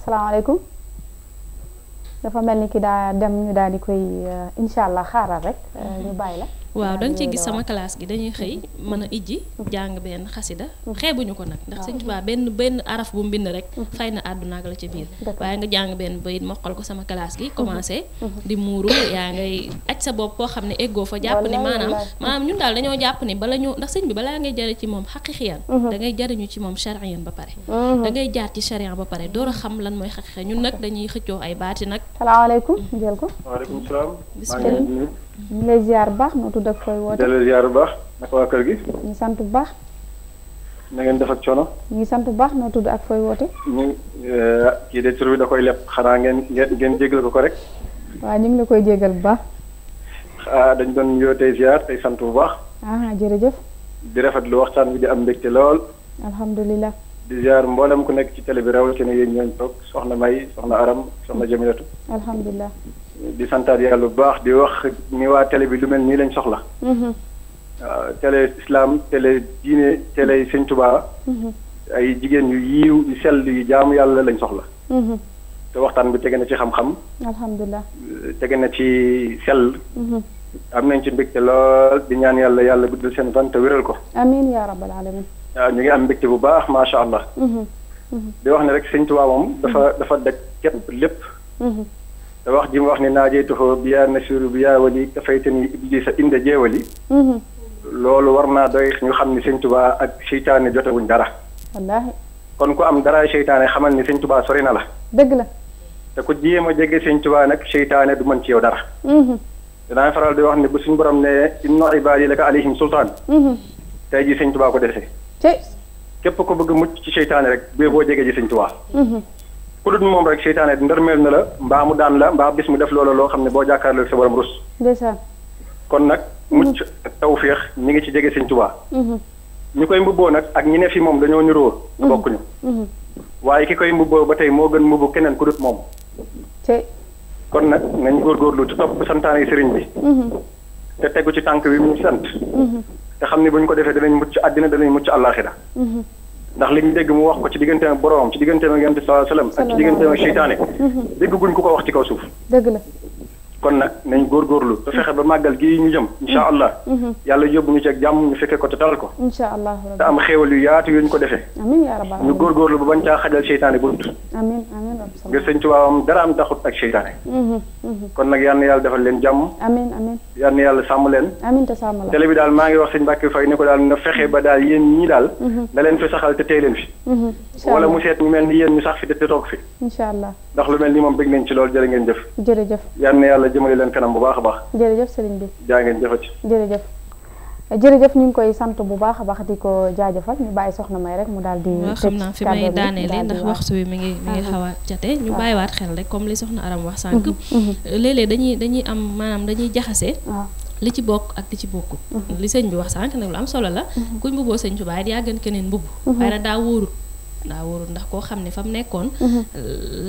salaamaaleykum dafa mel ni ki daa dem ñu daal di koy euh, incha allah xaaral rek euh, ñu bàyyi la.
waaw da nga gis sama classe gi dañuy xëy mën a ijji jàng benn xasida ñu ko nag ndax sëñ Tuubaa benn benn araf bu mbind rek fay na àdduna ak la ca biir waaye nga jàng benn bayit mokkal ko sama classe gi commencé di muuru yaa ngay aj sa bopp koo xam ne eggoo fa jàpp maanaam maanaam ñun daal dañoo jàpp ne bala ñu ndax sëñ bi balaa ngay jëri ci moom xaqiqiyan da ngay jëriñu ci moom chariyan ba pare da jaar ci chariyan ba pare door a xam lan mooy xaqiqiyan ñun nag dañuy xëccoo ay baati nag
salaamaaleykum jël ko waaleykum ñu lay ziar bu baax noo tudd ak fooy woote. delloo ziar bu baax
ak
waa kër
gi. ñu sant bu baax.
na ngeen def ak coono.
ñu sant bu baax noo tudd ak fooy woote.
ñu eh, kii de tur bi da koy leb xanaa ngeen ngeen ngeen jégal ko ko rek.
waaw ñu la koy jégal bu baax.
ah dañ doon yoo tey ziar tey sant bu baax.
ah jërëjëf.
di rafetlu waxtaan wi di am mbégte lool.
alhamdulilah.
di ziar mboolem ku nekk ci télé bi rawatina yéen ñooñu toog soxna May soxna Aram soxna Jamilatu. alhamdulilah. di santaat yàlla bu baax di wax ni waa télé bi lu mel nii lañ soxla.
waaw
télé islam télé diine télé sëñ Tuubaa. ay jigéen yu yiiw yu sell yu jaamu yàlla lañ soxla. te waxtaan bi tege na ci xam-xam. alhamdulilah tege na ci sell. am nañ ci mbégte lool di ñaan yàlla yàlla guddal seen fan te wéral ko.
amiin yaa rabbal alamin.
waaw ñu ngi am mbégte bu baax macha allah. di wax ne rek sëñ Tuubaa moom dafa dafa daj kenn lépp. wax ji mu wax ne naajeytuhoo bi yaa nasiru bi yaa wali dafaytani iblisa inda jeewali mhm. loolu war naa doy ñu xam ne sëñ tubaa ak seytaane jotewuñ dara wallaahi kon ku am dara seytaane xamal ni sëñ tubaa sori na la dëgg la te ko jéem a jege sëñ tubaa nag seytaane du mën ci dara mhm. danaa faral di wax ne bu suñ borom ne inna ibaadi laka alayhim sultaan mhm. tey ji sëñ tubaa ko dese képp ko bëgg mucc ci seytaane rek bee boo jege ji sëñ tubaa ku dut moom rek seytaane ndërmeel na la mbaa mu daan la mbaa bis mu def loola loo xam ne boo jàkkaarloo sa borom rus. ndeysaan. kon nag. Mm-hmm. mucc ak tawféex ñi ngi ci jege sëñ Tuubaa.
Mm-hmm.
koy mbubboo nag ak ñi ne fi moom dañoo ñuroo. Mm-hmm. bokkuñu. waaye ki koy mbubboo ba tey moo gën mbubbu keneen ku moom. kon nag nañ góorgóorlu ci topp santaane sëriñ bi. te tegu ci tànk bi mu sant. te xam ne bu ñu ko defee danañ mucc àddina danañ mucc àllaaxira ndax li ñu dégg wax ko ci digganteem ak boroomam ci digganteem ak yonent bi sallallahu alayhi wasallam ak ci digganteem ak seytaane mhm. guñ ko wax ci kaw suuf dëgg la kon nag nañ góorlu te fexe ba màggal gii ñu jëm. incha allah. Mm-hmm. Mm-hmm. yàlla yóbbu ñu ci ak jàmm ñu fekke ko te taal ko.
incha allah te
am yu yaatu yu ñu ko defee.
amiin yaa rabbal ñu
góorgóorlu bañ caa xajal seytaane bunt.
amiin amiin nga
sëñ Tuubaa am dara am taxut ak seytaane.
Mm-hmm,
kon nag yal na yàlla defal leen jàmm. amiin amiin yal yàlla sàmm leen.
amiin te sàmm la bi
daal maa ngi wax sëñ Mbàkke Fay ne ko daal na fexe ba daal yéen ñi daal. na leen fi saxal te tey leen fi. wala mu seet ñu mel ni yéen ñu sax fi te toog fi incha allah ndax lu mel ni moom bëgg nañ ci loolu jërë ngeen jëf jërëjëf yal na bu baax a baax
jërëjëf sëriñ bi koy sant bu baax a baax di ko jaajëfal ñu bàyyi soxna may rek mu daal di xam naa fi may daaneele ndax waxtu wi
mi ngi mi ngi ah. a jate ñu ah. bàyyiwaat xel rek comme li soxna aram wax sànq mhm, mhm. léeg-léeg dañuy dañuy am maanaam dañuy jaxase ah. li ci bokk ak li ci bokk mhm. li sëñ bi wax sànq nag lu am solo la kuñ mbubboo sëñ Tuubaa yaa gën keneen daa wóorul ndax koo xam ne fa mu nekkoon. Mhm.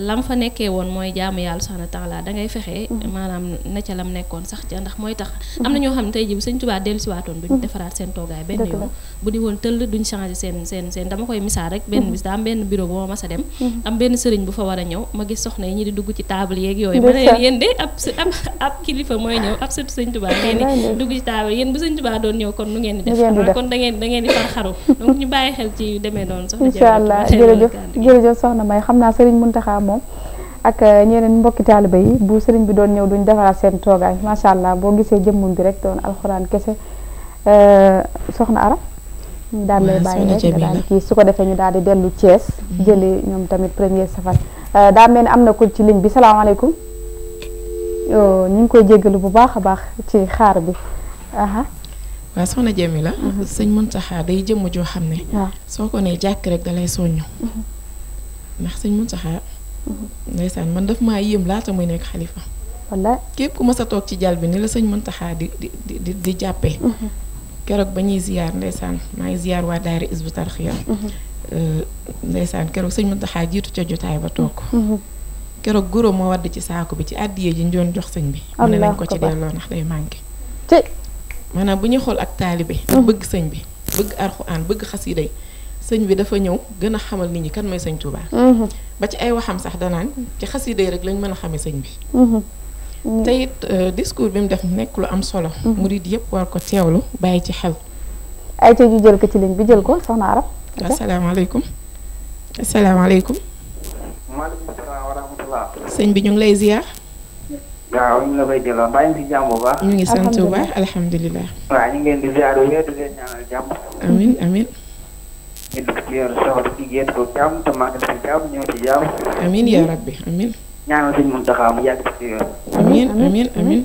lam fa nekkee woon mooy jaamu yàlla subhaana taala da ngay fexe. Mhm. maanaam na ca lam nekkoon sax ca ndax mooy tax. Mhm. am na ñoo xam ne tey jii bu sëñ Tuubaa dellusiwaatoon duñ defaraat seen toogaay benn yoon. bu di woon tëll duñ changé seen seen seen dama koy misaal rek. benn bis daa am benn a dem. am benn sëriñ bu fa war a ñëw ma gis soxna yi ñi di dugg ci table yeeg yooyu. ma ne yéen de ab ab ab kilifa mooy ñëw ab sëtu sëñ Tuubaa ngeen di dugg ci table yéen bu sëñ Tuubaa doon ñëw kon nu ngeen di def kon da ngeen di far xaru (laughs) donc ñu bàyyi xel ci demee noonu soxna waaw jërëjëf
jërëjëf soxna May xam naa sëriñ mun Mountakha moom ak euh, ñeneen mbokki taaliba yi bu sëriñ bi doon ñëw duñ defaraat seen toogaay macha allah boo gisee jëmmum bi rek doon alxuraan kese euh, soxna Ara. ñu daal lay bàyyi rek daal kii su ko defee ñu daal di dellu cees mm-hmm. jëlee ñoom tamit premier safar euh, daa mel ni am na ko ci ligne bi salaamaaleykum ñu ngi koy jéggalu bu baax a baax ci xaar bi.
waaw soxna Jamila la mhm. sëñ taxaar day jëmm joo xam ne soo ko nee jàkk rek dalay soññu mhm. ndax sëñ Muntaxa mhm. ndeysaan man daf maa yéem laata muy nekk xalifa wallaay képp ku mës a toog ci jal bi ni la sëñ Muntaxa di di di di jàppee keroog ba ñuy ziyaar ndeysaan maa ngi ziyaar waa daayira Hizbut Tarqiyyah euh, ndeysaan keroog sëñ Muntaxa jiitu ca jotaay ba toog keroog góoróom moo wadd ci saako bi ci àddiyee ji ñu doon jox sëñ bi mu ne nañ ko ci delloo ndax day manqué maanaam bu ñuy xool ak taalibe bëgg sëñ bi bëgg arxuraan bëgg xasida yi sëñ bi dafa ñëw gën a xamal nit ñi kan mooy sëñ Touba. Mm-hmm. ba ci ay waxam sax danaan ci xasida yi rek lañ mën a xame sëñ bi mm-hmm. Mm-hmm. te it euh, discours bi mu def nekk lu am solo murid yëpp war ko teewlu bàyyi ci xel
ay ca ñu jël ko ci ligne bi jël ko soxna arab
asalaamaaleykum
asalaamaaleykum
maaleykum salaam wa sëñ bi ñu ngi lay ziar waaw ñu ngi la koy delloo mbaa ñu ngi si jàmm bu baax. ñu ngi sant bu baax
alhamdulilah.
waaw ñu ngeen di ziar bu wér di leen ñaanal jàmm. amiin amiin. ñu dugg ci weeru safar gi génn ko jàmm te màggal si jàmm ñëw ci jàmm. yaa rabbi
amiin. ñaanal suñu
Muntaxa mu yàgg ci yoon. amiin amiin amiin.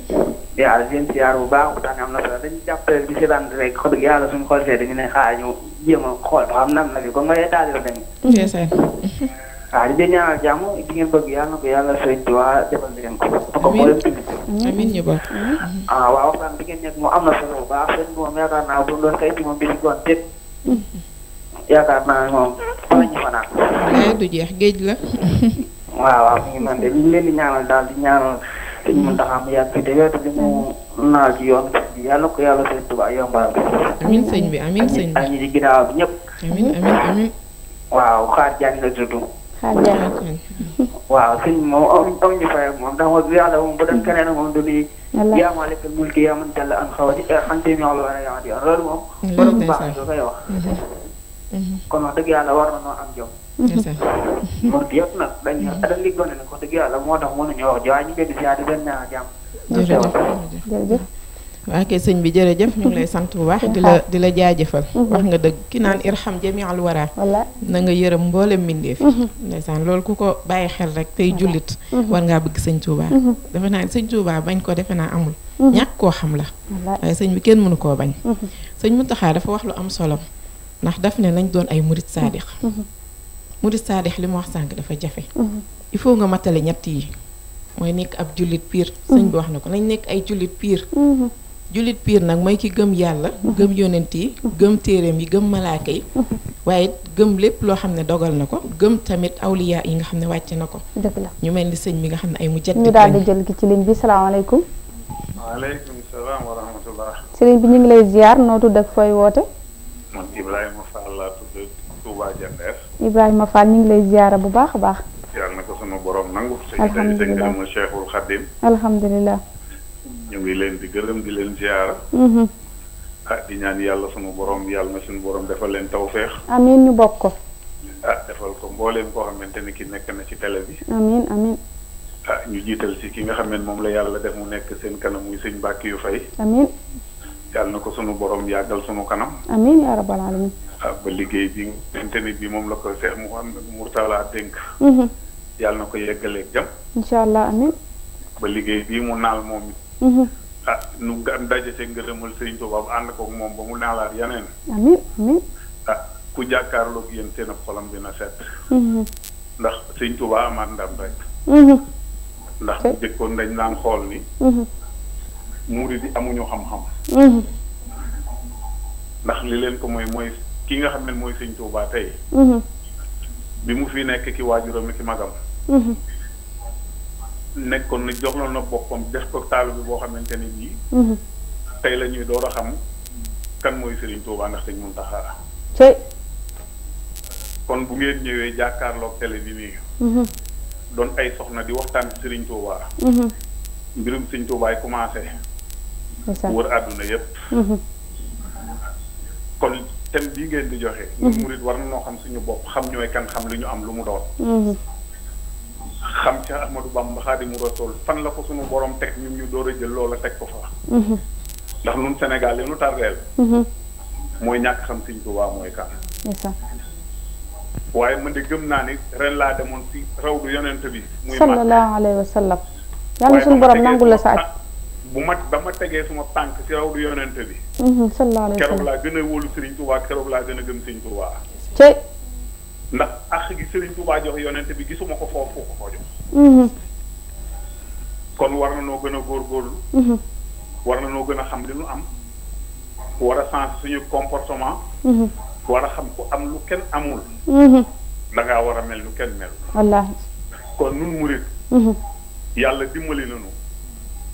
yàlla di bu baax bu tax am na solo dañuy jàppale di seetaan rek xol yàlla suñu xol see dañu ne xaar ñu jéem a xool am na nan la fi comme nga yee daal
di
Artinya nah, jamu ingin bagian ya lah spiritual di bagian Amin. Amin ya pak Ah, wow kan bikin yang mau amal sama bahasan gua mereka karena belum dua kali cuma pilih konten. Ya karena mau paling gimana? Eh,
itu dia gauge lah.
wow gimana? nanti ini nyala dal nyala. Ini mentah ya kita ya tapi mau najion dia lo kayak lo spiritual yang bagus. Amin sih, amin sih. Amin di kira nyep.
Amin,
amin, amin.
Wow, kerjaan itu dulu.
waaw
sëñ moom am ñu fay moom ndax moom yàlla moom bu doon hmm. keneen moom du nii. wallaahi yaa maalikal mulki yaa man jalla an xawati eh, xante mi wax la war a yaamati yoon loolu moom. Hmm. borom bu hmm. baax la koy wax. kon wax dëgg yàlla war na noo am jom. moom yëpp nag dañuy dañ li gone nag wax dëgg yàlla moo tax mënuñoo wax ji waaye ñu ngi leen di ziar di leen ñaan jàmm. jërëjëf
jërëjëf. waa kay sëñ bi jërëjëf ñu ngi lay sant bu baax di la di la jaajëfal mhm. wax nga dëgg ki naan irham jamial wara na nga yërëm mboolem mbindeef mhm. ndeysaan loolu ku ko bàyyi xel rek tey jullit mhm. war ngaa bëgg sëñ Tuubaa defe naa sëñ Tuubaa bañ ko defe naa amul ñàkk koo xam la waaye sëñ bi kenn mënu koo bañ sëñ taxaa dafa wax lu am solo ndax def ne nañ doon ay murit saadix murit saadix li mu wax sànq dafa jafe il faut nga matale ñett yi mooy nekk ab jullit piir sëñ bi wax na ko nañ nekk ay jullit piir jullit piir nag mooy ki gëm yàlla gëm yonent yi gëm téeréem yi gëm malaaka yi waaye gëm lépp loo xam ne dogal na ko gëm tamit awliya yi nga xam ne wàcc
na ko dëgg la
ñu mel ni sëñ bi nga xam ne mu jat ñu daal di
jël bi salaamaaleykum
bi ñu ngi lay
ziar noo tudd ak fooy woote
bu baax a baax yàlla
alhamdulilah
ñu ngi leen di gërëm di leen ziara. Mm-hmm. ah di ñaan yàlla sunu borom yàlla na suñu borom defal leen tawféex.
amiin ñu bokk ko.
ah defal ko mbooleem koo xamante ni ki nekk na ci télé bi. amiin ah ñu jiital si ki nga xam ne moom la yàlla def mu nekk seen kanam muy sëñ bàkk yu fay. amiin. yàlla na ko sunu borom yàggal sunu kanam.
amiin yaa rabbal alamin.
ah ba liggéey bi xamante ni bi moom la ko Cheikh Mouhamed Mourtala dénk. Mm-hmm. yàlla na ko yeggaleeg jàmm.
incha allah amiin.
ba liggéey bii mu naal moom Mm-hmm. ah nu gan daje ca ngërëmal sëriñ Tuubaa bu ànd koog moom ba mu naalaat yeneen.
amiin
ah ku jàkkaarloog yéen seen xolam dina set. Mm-hmm. ndax sëñ Tuubaa amaat ndam rek. Mm-hmm. ndax bu jëkkoon dañ naan xool ni. murid yi amuñu xam-xam. ndax li leen ko mooy mooy ki nga xam ne mooy sëñ Tuubaa tey. bi mu fi nekk ki waajuram ki magam. nekkoon na joxloon na boppam def ko taal bi boo xamante ne bii. Mhm. tey la ñuy door xam kan mooy Serigne Touba ndax sëñ Mountakha. tey. kon bu ngeen ñëwee jàkkaarloog télé bi mhm. doon ay soxna di waxtaan ci Serigne Touba. Mhm. mbirum Serigne Touba ay commencé. wër àdduna yëpp. kon thème bii ngeen di joxe. murid war na noo xam suñu bopp xam ñooy kan xam li ñu am lu mu doon. xam ca Ahmadou Bamba Xaadimu Rasuul fan la ko suñu borom teg ñun ñu door a jël loola teg ko fa. Mhm. ndax ñun Sénégal li nu tardeel mhm. mooy ñàkk xam Sëñ Tuubaa mooy kan. waaye man de gëm naa ni ren laa demoon si raw du yonent bi. muy màgg sallallahu
alayhi wa sallam. yàlla suñu borom nangul la sa aj
bu ma ba ma tegee suma tànk ci raw du yonent bi. Mhm, sallallahu alayhi wa sallam keroog laa gën a wóolu Sëriñ Tuubaa keroog laa gën a gëm Sëñ Tuubaa. ndax àq gi Serigne Touba jox yonent bi gisuma ko foofu foo ko ko jox. Mhm. kon war na noo gën a góorgóorlu. Mhm. war na noo gën a xam li nu am. war a sens suñu comportement. Mhm. war a xam ko am lu kenn amul. dangaa war a mel lu kenn mel. wallaahi. kon nun murit. yàlla dimbali nañu.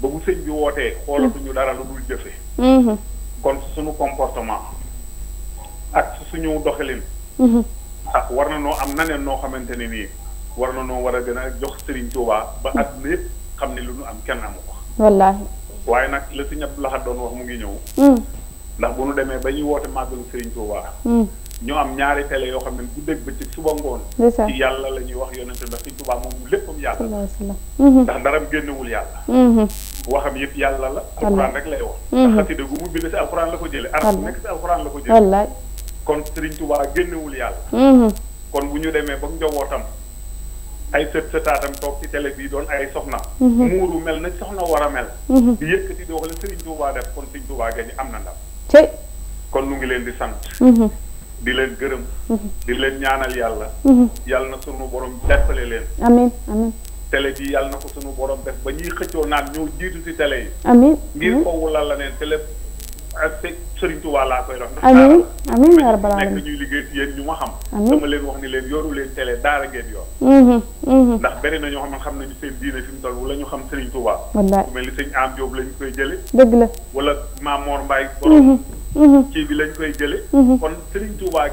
ba bu sëñ bi wootee. xoolatuñu dara lu dul jëfe kon suñu comportement. ak suñu doxalin. sax war na noo am naneen noo xamante ne nii war na noo war a gën jox sëriñ Touba ba àdduna yëpp xam ne lu nu am kenn amu ko. waaye nag la si ñëpp laxa doon wax mu ngi ñëw. Hmm. ndax bu nu demee ba ñuy woote màggalu Serigne Touba. Hmm. ñu am ñaari tele yoo xam ne bu dégg ba ci suba ngoon. ci yàlla la ñuy wax yonente ndax Serigne Touba moom léppam yàlla la. Hmm. ndax daram génnewul yàlla. waxam yëpp yàlla la. alxuraan rek lay wax. ndax xasida gu mu bind si alxuraan la ko jëlee. arab la ko jëlee. kon Serigne Touba génnewul yàlla. Mm-hmm. kon bu ñu demee ba njabootam ay sët sëtaatam toog ci télé bii doon ay soxna. Mm-hmm. muuru mel na soxna war a mel. Mm-hmm. di yëkkati di wax la Serigne Touba def kon Serigne Touba génn am na ndam. kon nu ngi leen di sant.
di leen gërëm.
di leen ñaanal yàlla. yàlla na sunu borom jàppale leen. amiin na ko sunu borom def ba ñuy xëccoo naan ñoo jiitu ci télé yi. amiin ngir foofu la la neen télé. fekk euh, Serigne Touba laa koy dox. amiin
amiin yaa rabbal aalamiin nekk
ñuy liggéey si yéen ñu ma xam. dama leen wax ni leen yoru leen télé daara ngeen yor. Mhm, mhm. ndax bari na ñoo xam ne xam ñu seen diine fi mu toll wala ñu xam Serigne Touba. wallaay mel ni sëñ Am Diop lañ koy jële dëgg la wala Maam Mor Mbaye. Mhm, borom kii bi lañ koy jële kon Serigne Touba.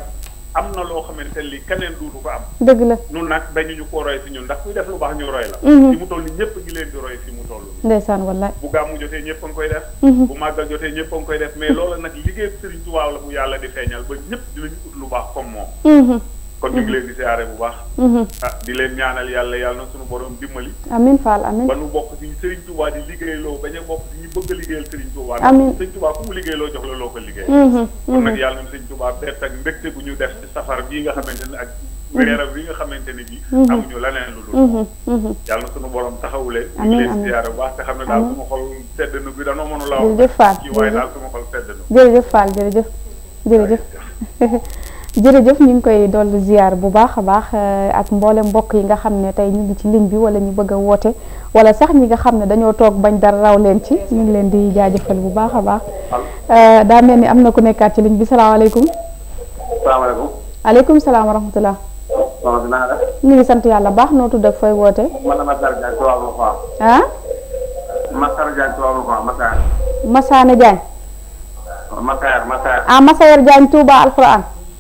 am na loo xamante li keneen duutu ko am. dëgg la ñun nag dañu ñu ko roy si ñun ndax kuy def lu baax ñu roy la. Mhm. fi mu toll ñëpp ngi leen di roy fi mu toll.
ndeysaan wallaay. bu
gàmmu jotee ñëpp koy def. Mhm. bu màggal jotee ñëpp a ngi koy def mais loola nag liggéey Sëriñ Tuubaa la bu yàlla di feeñal ba ñëpp dinañu ut lu baax comme moom. Mhm. kon ñu ngi leen di siyaare bu baax. Mhm. ah di leen ñaanal yàlla yàlla na suñu borom dimbali. amiin Fall ba nu bokk ci Serigne Touba di liggéeyloo bañ a bokk ci ñu bëgg a liggéeyal Serigne Touba. amiin Serigne Touba ku jox la loo ko liggéey. Mhm, mhm. kon yàlla na Serigne Touba bu ñu def ci safar bii nga xamante ne ak. weeram wi nga xamante ne bii. amuñu leneen lu dul. yàlla na suñu borom taxawulee. amiin amiin ñu te xam ne daal sama xol sedd na bi danoo mënu laa. jërëjëf Fall jërëjëf waaye daal sama xol na.
jërëjëf Fall jërëjëf (laughs) jërëjëf ñu ngi koy dolli ziar bu baax a baax eh, ak mboole mbokk yi nga xam ne tey ñu ngi ci ligne bi wala ñu bëgg a woote wala sax ñi nga xam ne dañoo toog bañ dara raw leen ci ñu ngi leen di jaajëfal bu baax a baax. Eh, daa mel ni am na ku nekkaat ci liñ bi salaamaaleykum. salaamaaleykum. aleykum salaam wa rahmatulah. ñu ngi sant yàlla baax noo tudd ak woote.
man la Massar Diagne Tivaouane Fall. ah. Massar Diagne Tivaouane Fall Massar. Massaane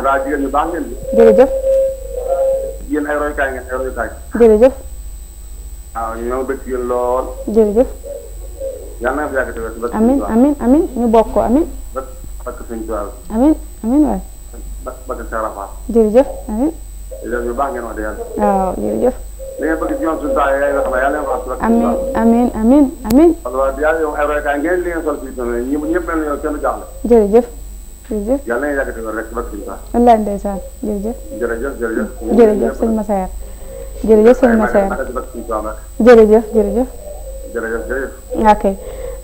ndax daal ñu baax ngeen di. jërëjëf. yéen ay royukaay ngeen ay royukaay. waaw ñoo bëgg yéen lool. jërëjëf. na amin
amin ñu bokk ko amin.
bak bakk sëñ amin amin waay. bak amin. baax ngeen wax de yàlla. waaw jërëjëf. li ngeen bëgg amin
amin amin amin. jërëjëf yàlla na
yàgg rek ba kii jërëjëf. jërëjëf jërëjëf. jërëjëf sëñ Massaer. jërëjëf sëñ ok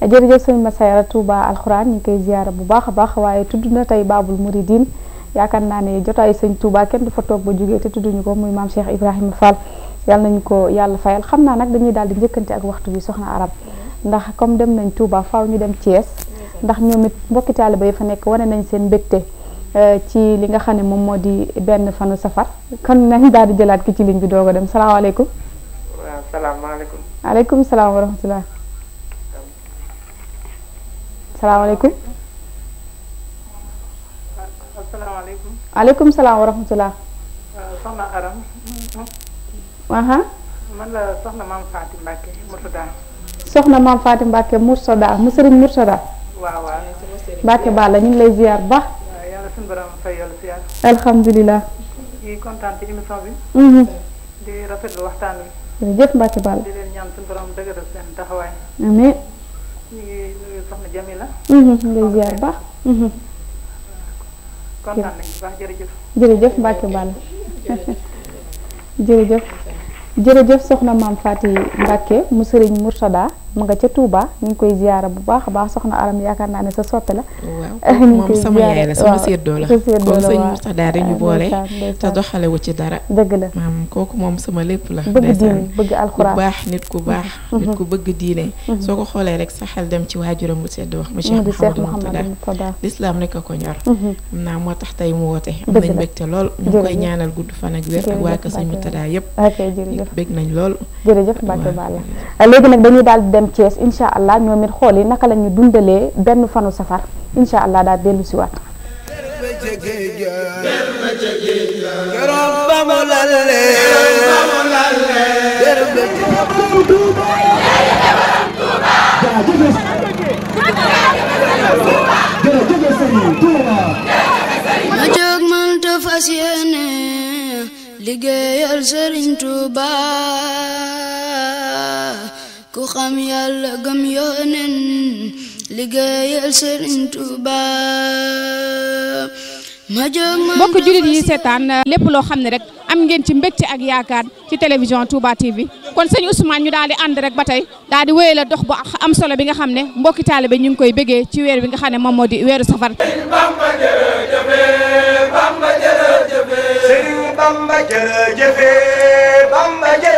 jërëjëf sëñ Massaer Touba alxuraan ñu koy ziyaara bu baax a baax waaye tudd na tey Baabul Muridiin yaakaar naa ne jotaayu sëñ Touba kenn du fa toog ba jógee te tudduñu ko muy maam Cheikh Ibrahima Fall yal nañu ko yàlla fayal xam naa nag dañuy daal di njëkkante ak waxtu bi soxna arab ndax comme dem nañ Touba faaw ñu dem Thiès ndax ñoom it mbokki taaliba yi fa nekk wane nañ seen mbégte euh, ci li nga xam ne moom moo di benn fanu safar kon nañ daal di jëlaat ki ci ligne bi doog a dem salaamaaleykum.
waaw salaamaaleykum.
maaleykum salaam wa rahmatulah. salaamaaleykum. asalaamaaleykum. salaam wa rahmatulah. Euh,
soxna Aram.
man la soxna maam Fatim Mbacke Mourtada.
soxna maam Fatim Mbacke Mourtada mu sëriñ Mourtada.
waaw waaw Mbacke Balla ñu ngi lay ziar bu baax. waaw yàlla suñu borom fay yàlla ziar. bi. Mhm. di waxtaan wi. jërëjëf Mbacke Balla. di leen ñaan suñu borom dëgëral seen taxawaay. amiin. ñu ngi nuyu soxna
mhm, mhm. jërëjëf. jërëjëf Mbacke Balla (laughs) jërëjëf. jërëjëf soxna maam Faty Mbacke mu sëriñ Murtada. mu nga ca Touba ñu ngi koy ziyaara bu baax a baax soxna Aram yaakaar naa ne sa soppe la. waaw (laughs) moom sama yaay la sama
séddoo la la wu ci dara. dëgg la maam kooku moom sama lépp la. bëgg bëgg alxuraan ku baax nit ku baax. (laughs) nit ku bëgg diine. (laughs) soo ko xoolee rek sa xel dem ci waajuram bu sedd wax. mu Cheikh Mouhamadou Mourtada lislaam rek a ko ñor. xam naa moo tax tey mu woote. am nañ mbégte lool ñu ngi koy ñaanal gudd fan ak wér ak waa Kër Sëñ Mourtada yëpp.
ok jërëjëf bég nañ lool. jërëjëf Mbacke Balla léegi nag dañuy daal dem dem Thiès incha allah ñoom it xool yi naka la ñu dundalee benn fanu safar incha allah daal dellu si waat
ma
jóg
man te fas yéene liggéeyal Sëriñ Tuuba ku xam yàlla gëm yoonen liggéeyal Serigne Touba mbokk
jullit yi seetaan lépp loo xam ne rek am ngeen ci mbégte ak yaakaar ci télévision Touba TV kon sëñ Ousmane ñu daal di ànd rek ba tey daal di la dox bu am solo bi nga xam ne mbokki taalibe ñu ngi koy bégee ci weer bi nga xam ne moom moo di weeru safar. Bamba jërëjëf
Bamba jërëjëf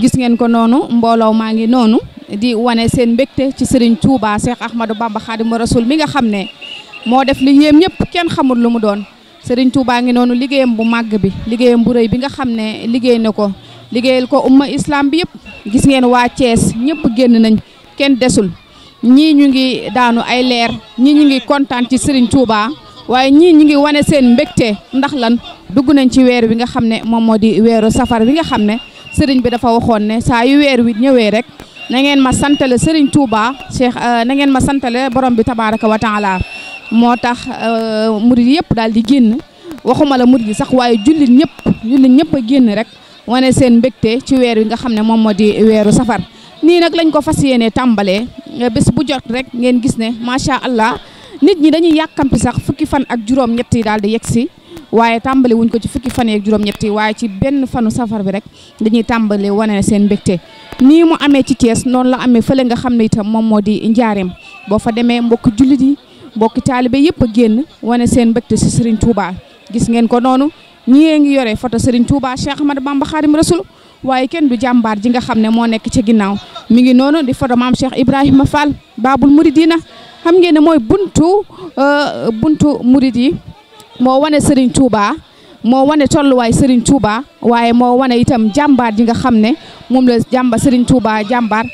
gis ngeen ko noonu mbooloo maa ngi noonu di wane seen mbégte ci Serigne Touba Cheikh Ahmadou Bamba Khadimu Rasul mi nga xam ne moo def li yéem ñëpp kenn xamul lu mu doon Serigne Touba ngi noonu liggéeyam bu màgg bi liggéeyam bu rëy bi nga xam ne liggéey na ko liggéeyal ko umma islam bi yëpp gis ngeen waa Thiès ñëpp génn nañ kenn desul ñii ñu ngi daanu ay leer ñii ñu ngi kontaan ci Serigne Touba waaye ñii ñu ngi wane seen mbégte ndax lan dugg nañ ci weer wi nga xam ne moom moo di weeru safar wi nga xam ne Sering bi dafa waxoon sa yu wer wi ñëwee rek na ngeen ma santale sëriñ Touba Cheikh euh, na ngeen ma santale borom bi tabaraka wa taala moo tax euh, murid yep daal di génn waxuma la murid sa sax yu jullit nyep jullit nyep a gin rek wane sen bek ci weer wi nga xam ne moom moo di weeru safar ni nak lañ ko fasiyene tambalé euh, bes bu jot rek ngeen gis ne sha allah nit ñi dañuy yàkkamti sax fukki fan ak juroom ñetti dal di yegg waaye tàmbali wuñ ko ci fukki fan yeeg juróom-ñett waaye ci benn fanu safar bi rek dañuy tàmbali wane seen mbégte nii mu amee ci Thiès noonu la amee fële nga xam ne itam moom moo di njaareem boo fa demee mbokk jullit yi mbokk taalibe yëpp a génn wane seen mbégte si Serigne Touba gis ngeen ko noonu ñii ngi yore photo Serigne Touba ma Ahmadou Bamba Khadim Rasoul waaye kenn du jàmbaar ji nga xam ne moo nekk ci ginnaaw mi ngi noonu di photo maam Cheikh Ibrahima Fall Babul Mouridina xam ngeen ne mooy buntu euh, buntu murid moo wane Serigne Touba moo wane tolluwaay Serigne Touba waaye moo wane itam jàmbaar ji nga xam ne moom la jàmba Serigne Touba jàmbaar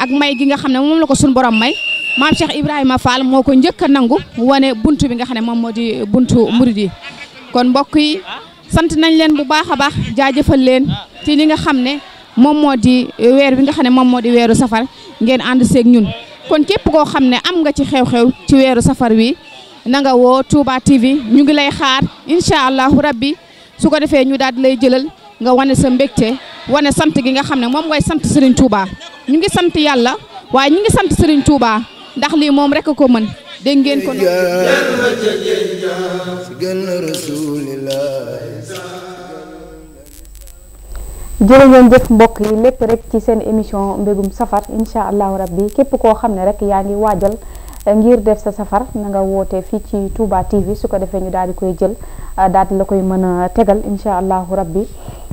ak may gi nga xam ne moom la ko suñu borom may maam Cheikh Ibrahima Fall moo ko njëkk a nangu wane buntu bi nga xam ne moom moo di buntu murid yi kon mbokk yi sant nañ leen bu baax a baax jaajëfal leen ci li nga xam ne moom moo di weer bi nga xam ne moom moo di weeru safar ngeen ànd seeg ñun kon képp koo xam ne am nga ci xew-xew ci weeru safar wi. na nga woo Touba TV ñu ngi lay xaar incha allahu rabbi su ko defee ñu daal di lay jëlal nga wane sa mbégte wane sant gi nga xam ne moom ngay sant Serigne Touba ñu ngi sant yàlla waaye ñu ngi sant Serigne Touba ndax lii moom rek ko mën dégg ngeen ko.
jërë
ngeen jëf mbokk yi lépp rek ci seen émission mbégum safar incha allahu rabbi képp koo xam ne rek yaa ngi waajal. ngir def sa safar na nga woote fii ci Touba TV su ko defee ñu daal di koy jël ah, daal di la koy mën a tegal incha allahu rabbi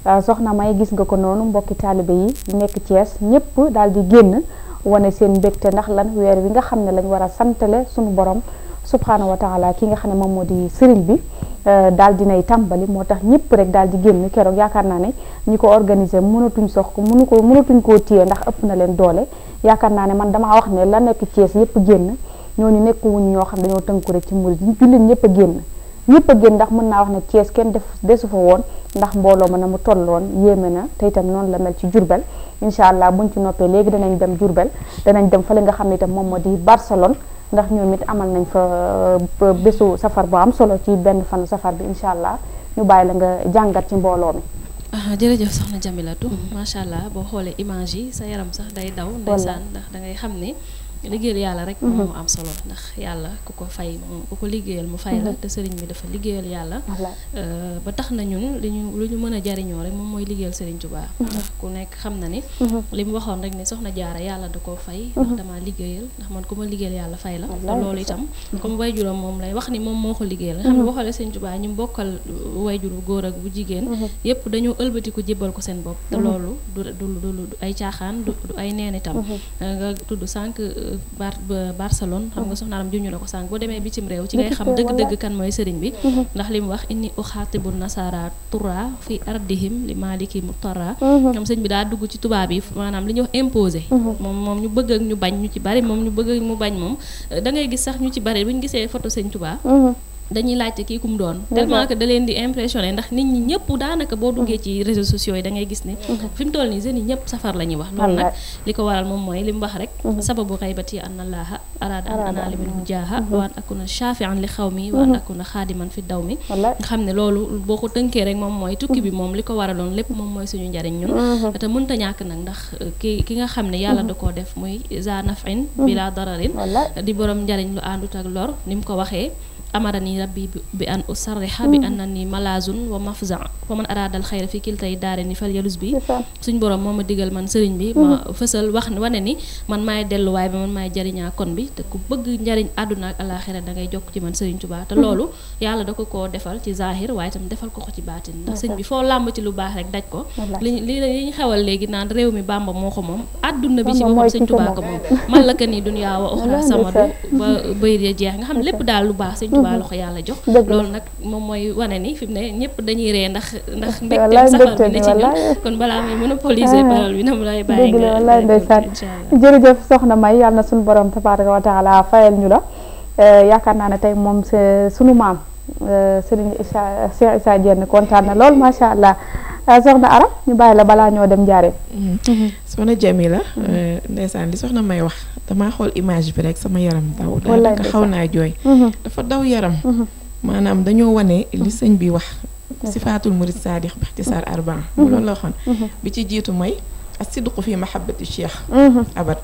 ah, soxna may gis nga ko noonu mbokki taalibe yi nekk Thiès ñëpp daal di génn wane seen mbégte ndax lan weer wi nga xam ne lañ war a santale suñu borom subhaanahu wa taala ki nga xam ne moom moo di sëriñ bi ah, daal dinay tàmbali moo tax ñëpp rek daal di génn keroog yaakaar naa ne ñu ko organiser mënatuñ sox ko mënu ko mënatuñ koo téye ndax ëpp na leen doole yaakaar naa ne man damaa wax ne la nekk Thiès yëpp génn ñooñu nekkuwuñ ñoo xam dañoo tënku rek ci murid yi jullit ñëpp a génn ñëpp a génn ndax mën naa wax na Thiès kenn def desu fa woon ndax mbooloo ma na mu tolloon yéeme na te itam noonu la mel ci Jurbel incha allah buñ ci noppee léegi danañ dem Jurbel danañ dem fële nga xam ne itam moom moo di Barcelone ndax ñoom it amal nañ fa euh, bésu safar bu am solo ci benn fan safar bi incha allah ñu bàyyi la nga jàngat ci mbooloo mi
ah, jërëjëf soxna Jamilatu mm-hmm. macha allah boo xoolee image yi sa yaram sax day daw ndeysaan xam ne liggéeyal yàlla rek mhm. moo am solo ndax yàlla ku ko fay ku ko liggéeyal mu fay la mhm. te sëriñ bi dafa liggéeyal yàlla euh, ba tax na ñun li ñu lu ñu mën a jariñoo rek moom mooy liggéeyal sëriñ Tuubaa mhm. ndax ku nekk xam na ni li mu waxoon rek ni soxna jaara yàlla da koo fay ndax damaa liggéeyal ndax man ku ma liggéeyal la te loolu itam comme way juróom moom lay wax ni moom moo ko liggéeyal nga xam ne boo xoolee sëriñ Tuubaa ñu bokkal way jur bu góor ak bu jigéen yépp dañoo ëlbatiku jébbal ko seen bopp te loolu du du du ay caaxaan du ay neen itam euh, nga tudd sànq euh, Bar Barcelone xam nga mm. soxnaam juñu la ko sànq boo demee bitim réew ci ngay xam dëgg-dëgg kan mooy sëriñ bi mm-hmm. ndax li mu wax inni uxaatibu nasara tura fi ardihim li maaliki mu tara mm-hmm. ñoom sëñ bi daa dugg ci tubaab yi maanaam li ñuy wax imposé mm-hmm. moom moom ñu bëgg ak ñu bañ ñu ci bari moom ñu bëgg ak mu bañ moom da ngay gis sax ñu ci bari bu ñu gisee photo sëñ Tuubaa dañuy laajte kii kum doon tellement que da leen di impressionné ndax nit ñi ñëpp daanaka boo duggee mm. ci réseaux sociaux yi da gis ne mm-hmm. fi mu toll nii jeunes yi ñëpp safar la ñuy wax loolu nag li ko waral moom mooy li mu wax rek mm-hmm. sababu xaybati an allaaha araada an bi minhu jaaha mm-hmm. waan akuna shaafian li xaw mi waan akuna xaadiman fi daw mi nga xam ne loolu boo ko tënkee rek moom mooy tukki bi moom li ko waraloon lépp moom mooy suñu njariñ ñun te mënta ñàkk nag ndax uh, ki ki nga xam ne yàlla da koo def muy za nafin bila dararin di borom njariñ lu àndut ak lor ni mu ko waxee amarani wa mafza wa man araadal xayra fi kiltay daare ni fal yalus bi suñ borom moo ma digal man sëriñ bi ma fësal ni man maay delluwaay bi man da ngay jokk ci da ko koo defal ko ko ci baatin ndax sëñ bi foo làmb ci lu baax rek daj ko li li li ñu xewal léegi naan réew mi Bàmba moo ko moom àdduna bi ci boppam sëñ Tuubaa ko moom man la ka ni dunya wa uxra samadu ba bëy jeex nga xam lépp daal lu baax sëñ waa loxo yàlla jox loolu nag moom mooy wane ni fi mu ne ñëpp dañuy ree ndax ndax mbégteem safar bi ne ci ñun
kon balaa may a ah, parole bi na mu lay bàyyi nga wallaay ndeysaan jërëjëf soxna may yàlla na suñu borom tabaraka wa taala fayal ñu la eh, yaakaar naa ne tey moom sunu maam eh, Serigne Issa Cheikh Issa kontaan na lool macha allah soxna Arame ñu bayila bala balaa ñoo dem jaaree. soxna Jamila
ndeysaan li soxna may wax dama xol image bi rek sama yaram daw. daanaka xawna joy dafa daw yaram. manam dañoo wone li sëñ bi wax. sifatul murid saadix baxtisaar arbaa. loolu la waxoon. bi ci jitu may asidqu fi mahabbati cheikh. abad.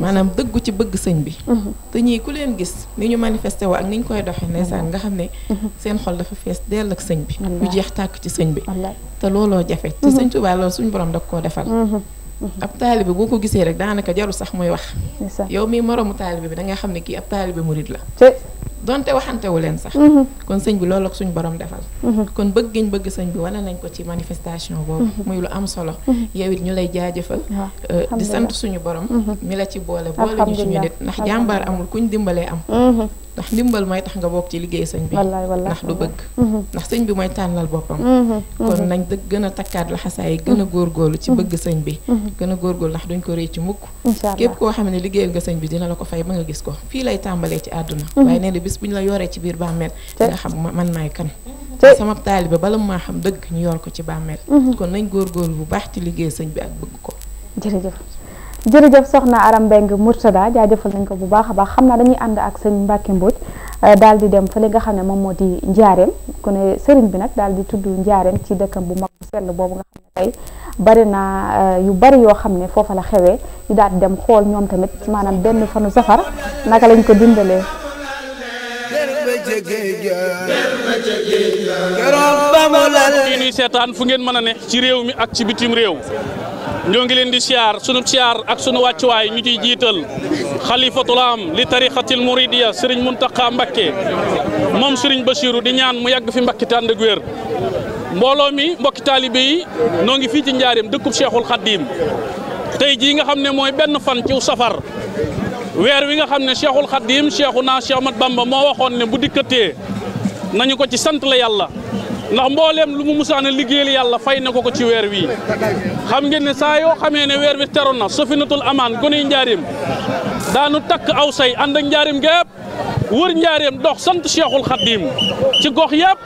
maanaam dëggu ci bëgg sëñ bi te ñii ku leen gis ni ñu manifesté wa ak ni ñu koy doxee ndeysaan nga xam ne seen xol dafa fees dell ak sëñ bi lu jeex tàkk ci sëñ bi te looloo jafe te sëñ Tuubaa loolu suñu borom da koo defal ab taalibe bu ko gisee rek daanaka jaru sax muy wax yow mii moromu taalibe bi da nga xam ne kii ab taalibe murid la donte waxantewu leen sax. Mm-hmm. kon sëñ bi loolu suñu borom defal. Mm-hmm. kon bëgg giñ bëgg sëñ bi wane nañ ko ci manifestation boobu. Mm-hmm. muy lu am solo. yow it ñu lay jëfal euh, di sant suñu borom. mi la ci boole boole ñu suñu nit ndax jàmbaar amul kuñ dimbalee am. ndax ndimbal mooy tax nga bokk ci liggéey sëñ bi ndax du bëgg mhm. ndax sëñ bi mooy tànnal boppam mhm. Mhm. kon nañ dëgg gën a takkaat laxasaay gën a góor góorlu ci bëgg sëñ bi gën a góorgóorlu ndax duñ ko réccu mukk képp koo xam ne liggéeyal nga sëñ bi dina la ko fay ba nga gis ko fii lay tàmbalee ci àdduna waaye nee na bis bu ñu la yoree ci biir bàmmeel nga xam man maay kan sama taali bi bala maa xam dëgg ñu yor ko ci bàmmeel kon nañ góorgóorlu bu baax ci liggéey sëñ bi ak bëgg ko
jërëjëf jërëjëf soxna Aram Mbengue Murtada jaajëfal nañ ko bu baax a baax xam naa dañuy ànd ak sëñ Mbacke Mbodj euh, daal di dem fële nga xam ne moom moo di njaareem ku ne sëriñ bi nag daal di tudd njaareem ci dëkkam bu mag sell boobu nga xam ne tey bari naa euh, yu bari yoo xam ne foofa la xewee ñu daal di dem xool ñoom tamit maanaam benn fanu safar naka lañ ko dindalee
ca géej ga keroog ba mu lal
ni seetaan fu ngeen mën ci réew mi ak ci bitim réew ñoo ngi leen di siar, sunu siar, ak sunu wàccuwaay ñu ciy jiital xalifatul am li tariqatil muridiya sëriñ Muntaqa Mbakke moom sëriñ Basiru di ñaan mu yàgg fi Mbakke tànd ak wér mbooloo mi mbokki taalibe yi noo ngi fii ci njaareem dëkkub Cheikhul Xaddiim tey jii nga xam ne mooy fan ci safar weer wi nga xam ne cheikhul xadim cheikhu naa cheikh mat bamba moo waxoon ne bu dikkatee nañu ko ci sant la yàlla ndax mbooleem lu mu musaana liggéeyal yàlla fay na ko ko ci weer wii xam ngeen ne saa yoo xamee ne weer wi teru na safinatul amaan gone njaarim daanu tak aw say ànd ak njaarim gépp wër njaareem dox sant cheikhul khadim ci gox yeb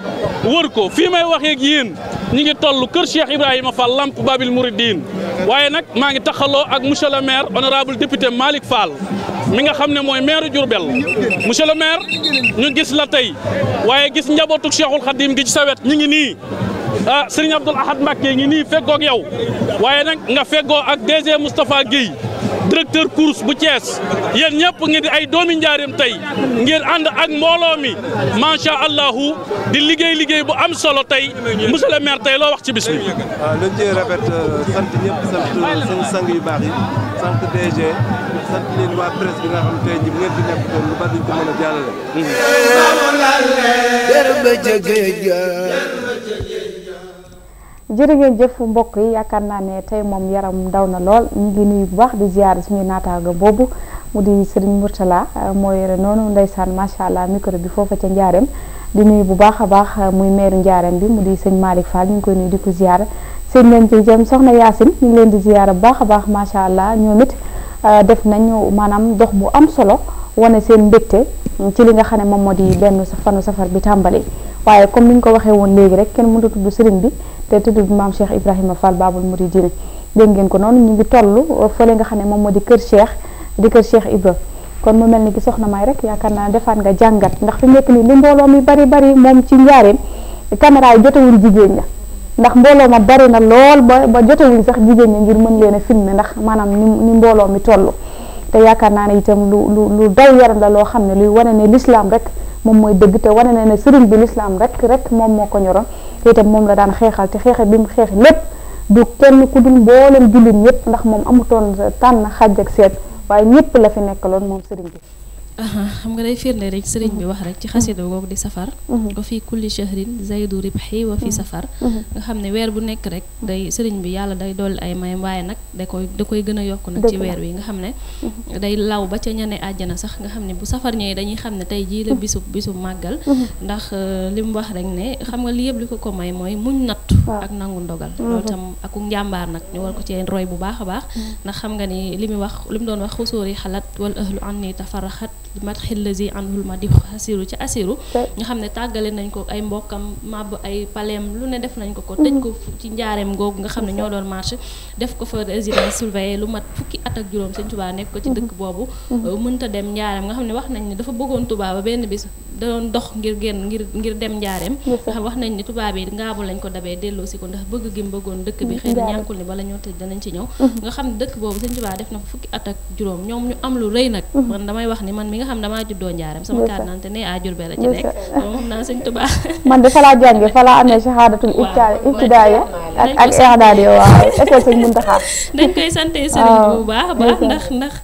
wër ko fi may waxee ak yéen ñi ngi tollu keur cheikh ibrahim fall lamp babil mouridin waye nak ma ngi taxalo ak monsieur le maire honorable député malik fall mi nga xamne moy maire djourbel monsieur le maire ñu gis la tay waye gis njabootuk cheikhul khadim gi ci sawet ñi ngi ni ah sëriñ abdoul ahad mbàkke ngi feggo ak yow waye nak nga feggo ak DG mustapha guèye directeur course bu cees yéen ñëpp ngi di ay doomi njaareem tey ngeen ànd ak mbooloo mi macha allahu di liggéey liggéey bu am solo tey monsieur le maire tey loo wax ci bis bi.
waaw lu ñu Robert sant ñëpp sant euh, seen sang yu baax yi sant DG sant leen waa presse bi di nekk doon lu bari ñu ko a
jàllale.
jërë ngeen jëf mbokk yi yaakaar naa ne tey moom yaram daw na lool ñu ngi nuyu bu baax di ziar suñu naataango boobu mu di Serigne Mourtala moo yore noonu ndeysaan macha allah micro bi foofa ca njaareem di nuy bu baax a baax muy meeru njaareem bi mu di sëñ Malick Fall ñu ngi koy nuyu di ko ziar sëñ leen ci jëm soxna Yacine ñu ngi leen di ziar bu baax a baax macha allah ñoom euh, def nañu maanaam dox bu am solo. wane seen mbégte ci li nga xam ne moom moo di benn fanu safar bi tàmbali waaye comme ni ñu ko waxee woon léegi rek kenn mënut a tudd bi te tudd maam Cheikh Ibrahima Fall Baabul Muridiina dégg ngeen ko noonu ñu ngi toll fële nga xam ne moom moo di kër Cheikh di kër Cheikh Ibra kon mu mel ni ki soxna may rek yaakaar naa defaat nga jàngat ndax fi mu nekk nii li mbooloo mi bari bari moom ci njaareem caméra yi jotewul jigéen ña ndax mbooloo ma bari na lool ba ba jotewuñ sax jigéen ña ngir mën leen a filmer ndax maanaam ni ni mbooloo mi toll te yaakaar naa ne itam lu lu lu daw yaram la loo xam ne luy wane ne lislaam rek moom mooy dëgg te wane na ne sëriñ bi l'islam rek rek moom moo ko ñoroon te itam moom la daan xeexal te xeexe bi mu xeex lépp du kenn ku dul mboolem jullit ñëpp ndax moom amutoon tànn xàjj ak seet waaye ñëpp la fi nekkaloon moom sëriñ bi
xam nga day firnde rek sëriñ bi wax rek ci xasida googu di safar mhm. wa fi kulli shahrin zaydu ribhi wa fi mhm. safar mhm. nga xam ne weer bu nekk rek day sëriñ bi yàlla day dolli ay may waaye nag da koy da koy gën a yokk nag ci weer wi nga xam ne day law ba ca ñane àjjana sax nga xam ne bu safar ñëwee dañuy xam ne tey jii la bisu bisu màggal ndax euh, li mu wax rek ne xam nga li yëpp li ko ko may mooy muñ natt ak nangu ndogal loolu tam ak njàmbaar nag ñu war ko ci roy bu baax a baax ndax xam li mu wax li mu wax xusóori xalaat wal ahlu anni matxil lazi anhul ne tàggale nañ ko ay mbokkam màbb ay paleem lu ne def nañ ko ko mhm. tëj ko ci njaareem googu nga xam ne ñoo doon marché def ko fa résidence lu mat fukki at ak juróom sëñ Tuubaa nekk ko ci mhm. dëkk boobu mhm. euh, mënta dem njaareem nga xam ne wax nañ ne dafa bëggoon Tuubaa ba benn bis da doon dox ngir ngir ngir dem njaareem ndax wax nañ ne Tuubaa bi ngaabu lañ ko dabee delloo si ko ndax bëgg gi mu bëggoon dëkk bi mm-hmm. xëy na ñàkkul ni bala ñoo tëj danañ ci ñëw mm-hmm. nga xam dëkk boobu sëñ Tuubaa def na fukki at ak juróom ñoom ñu am lu rëy nag mm-hmm. man damay wax ni man mi nga xam damaa juddoo Njaareem sama carte d'identité ne à Diourbel la ci nekk moom naa sëñ Tuubaa
man de fa laa jànge fa laa amee (laughs) shahadatul ibtidaaya ak ak i'daadiya waaw école sëñ Muntaxa (laughs)
dañ koy sante sëriñ bu baax baax ndax ndax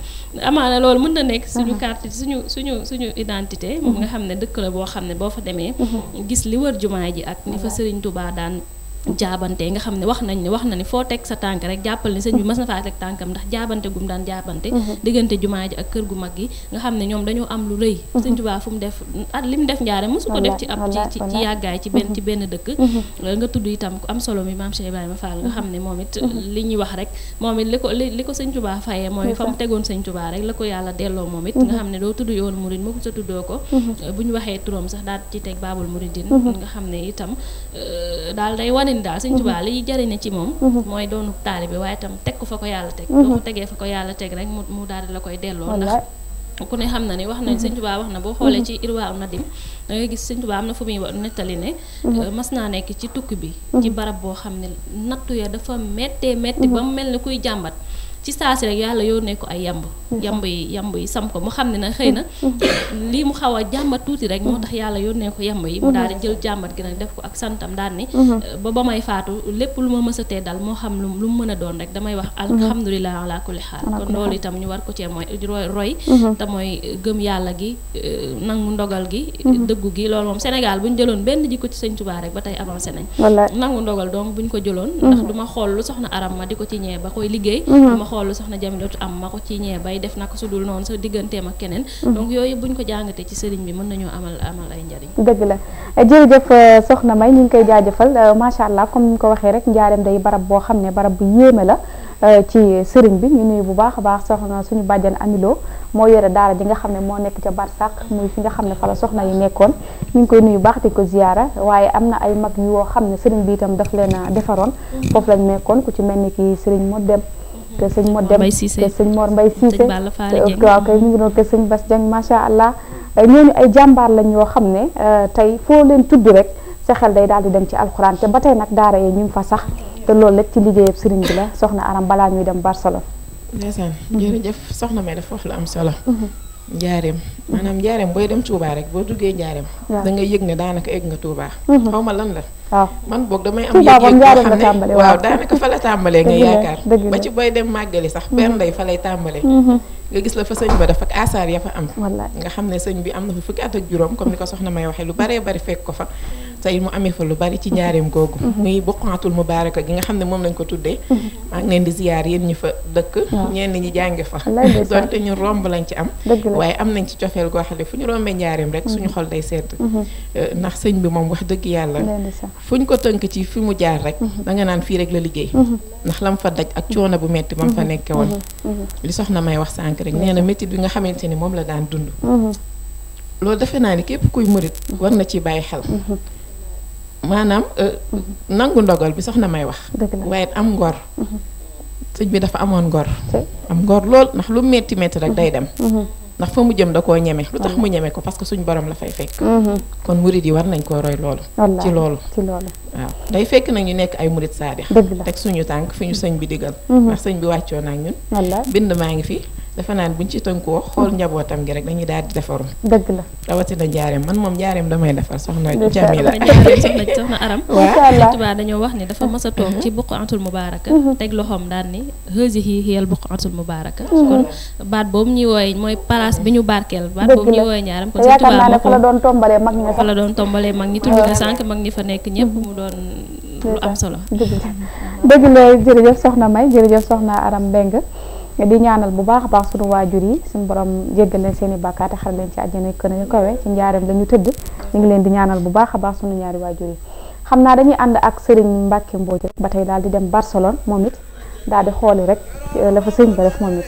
amaana loolu mën na nekk suñu carte suñu suñu suñu identité moom nga xam ne dëkk la boo xam ne boo fa demee gis li wër jumaa ji ak ni fa sëriñ Tuubaa daan jaabante nga xam ne wax nañ ne wax na ne foo teg sa tànk rek jàppal ne sëñ bi mës na faa teg tànkam ndax jaabante gum daan jaabante mhm. diggante jumaa ji ak kër gu mag gi nga xam ne ñoom dañoo am lu mhm. mhm. it li ñuy wax rek moom it li ko li ko sëñ Tuubaa fayee fa mu tegoon sëñ Tuubaa rek la ko yàlla delloo moom it nga xam ne doo tudd yoonu murid mu ko sa tuddoo ko bu waxee turam sax daal ci teg baabul muridin nga xam ne itam euh, daal day wane jëriñ daal sëñ Tuubaa mhm. liy jëriñe ci moom mhm. mooy doonu bi waaye itam teg ko fa ko yàlla teg mhm. boo ko tegee fa ko yàlla teg rek mu mu daal di la koy delloo ndax ku ne xam na ni wax nañ sëñ Tuubaa wax na boo xoolee ci irwaa nadim da ngay gis sëñ Tuubaa am na fu muy nettali ne euh, mas naa nekk ci tukki bi ci barab boo xam ne nattu ya dafa méttee métti ba mu mel ni kuy jàmbat ci saasi rek yàlla yónnee ko ay yamb mm-hmm. yamb yi yamb yi sam ko mu xam ne na xëy na mm-hmm. li mu xaw a jàmbat tuuti rek moo tax yàlla yónnee ko yamb yi mu mm-hmm. daal di jël jàmbat gi na def ko ak santam daal ni eh, ba may faatu lépp lu ma mësatee dal moo xam lu lu mu mën a doon rek damay wax alhamdulilah ala kulli xaal kon loolu itam ñu war ko cee mooy roy te mooy gëm yàlla gi eh, nangu ndogal gi dëggu gi loolu moom Sénégal bu ñu jëloon benn jikko ci sëñ Tuubaa rek ba tey avancé nañ nangu ndogal donc bu ñu ko jëloon ndax du xool lu soxna aram ma di ko ci ñee ba koy liggéey xool soxna Jami dootu am ma ko ci ñee bay def na ko su dul noonu sa digganteem ak keneen. Mm-hmm. donc yooyu buñ ko jàngatee ci sëriñ bi mën nañoo amal amal ay njariñ.
dëgg la jërëjëf euh, soxna May ñu ngi koy jaajëfal euh, macha allah comme ni ko waxee rek njaareem day barab boo ne barab bu yéeme la. Euh, ci sëriñ bi ñu nuyu bu baax a baax soxna suñu bàjjan amiloo moo yore daara ji nga xam ne moo nekk ca Barsàq muy fi xam ne fa soxna yi nekkoon ñu ngi koy nuyu baax te ko ziyaara waaye am na ay mag yoo xam ne sëriñ bi daf leen a defaroon mm-hmm. foofu lañ nekkoon ku ci mel ni ki sëriñ moo dem kër sëñ Mor Dem kër sëñ Mor Mbay Siise waaw kay mu ngi noonu kër sëñ Bas Jeng macha allah eh, ñooñu ay jàmbaar lañ yoo xam ne eh, tey foo leen tudd rek sa xel day daal di dem ci alxuraan te ba tey nag daara yee ñu ngi fa sax te loolu lépp ci liggéeyab sëriñ bi la soxna Aram balaa ñuy dem Barcelone.
ndeysaan jërëjëf soxna may dafa wax la njaareem mhm. maanaam njaareem booy dem Touba rek boo duggee njaareem. da ngay yëg ne daanaka egg nga Touba. Mhm. xaw ma lan la. waaw man boog damay am. yëg-yëg boo xam ne waaw daanaka fa la (laughs) tàmbalee nga yaakaar. ba ci booy dem màggali sax. per mhm. ndey fa lay tàmbalee. nga gis la fa sëñ ba dafa asaar ya fa am. nga xam ne sëñ bi am na fa fukki at ak juróom comme ni ko soxna may waxee lu baree bari fekk ko fa. tey mu ame fa lu bari ci njaareem googu mhm. muy baare ko gi nga xam ne moom lañ ko tuddee mhm. maa ngi leen di ziyaar yéen ñi fa dëkk ñenn ñi jànge fa (laughs) donte ñu romb lañ ci am waaye am nañ ci cofeel goo xam ne fu ñu rombee njaareem rek suñu mhm. xol day sedd euh, ndax sëñ bi moom wax dëgg yàlla fu ko tënk ci fi mu jaar rek danga naan fii rek la liggéey ndax la mu fa daj ak coono bu metti ba mu fa nekke woon li soxna may wax sànk rek nee na métti bi nga xamante ni moom la daan dund loolu defe naa ni képp kuy murit war na ci bàyyi xel maanaam euh, nangu ndogal bi soxna may wax. waaye am ngor. Mhm. sëñ bi dafa amoon ngor. am ngor lool ndax lu metti metti rek day mhm. dem. Mhm. ndax fa mu jëm da koo ñeme lu tax mu ñeme ko parce que suñ borom la fay fekk. kon murid yi war nañ koo roy loolu. ci loolu ci loolu. waaw day fekk nag ñu nekk ay murid saadix. teg suñu tànk fi ñu sëñ bi digal. ndax sëñ bi wàccoo na ak ñun. bind maa ngi fi. dafa naan buñ ci tënkoo xool mhm. njabootam gi rek dañuy daal di defaru dëgg la rawatina jaareem man moom jaareem damay defar soxna Jamila soxna soxna Aram waaw (laughs)
Tuubaa dañoo wax ni dafa mhm. mas a toog ci mhm. buqaatul mubaaraka teg loxoom daan ni hazihi hiyal buqaatul mubaaraka kon baat boobu ñuy wooye mooy place bi ñu barkeel baat boobu ñuy wooye ñaaram kon Sëñ Tuubaa doon tombalee mag ñi fa doon tombalee mag ñi tudd na sànq mag ñi fa nekk ñëpp mu doon lu am solo
dëgg la jërëjëf soxna May jërëjëf soxna Aram Mbeng di ñaanal bu baax a baax sunu waajur yi suñu borom jéggal leen seen i bàkkaar te xar leen ci àjjana kën ñu kawe ci njaareem la ñu tëdd ñu ngi leen di ñaanal bu baax a baax sunu ñaari waajur yi xam naa dañuy ànd ak Serigne Mbacke Mbodj rek ba tey daal di dem Barcelone moom it daal di xooli rek euh, la fa sëñ ba def moom it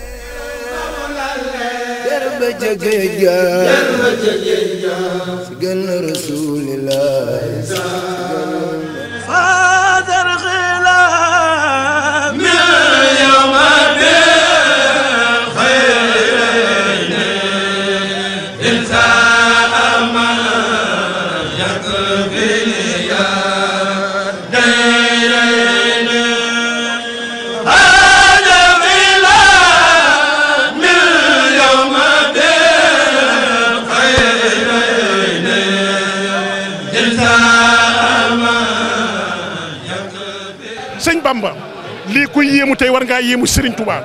ku yéemu tey war ngaa yéemu Serigne Touba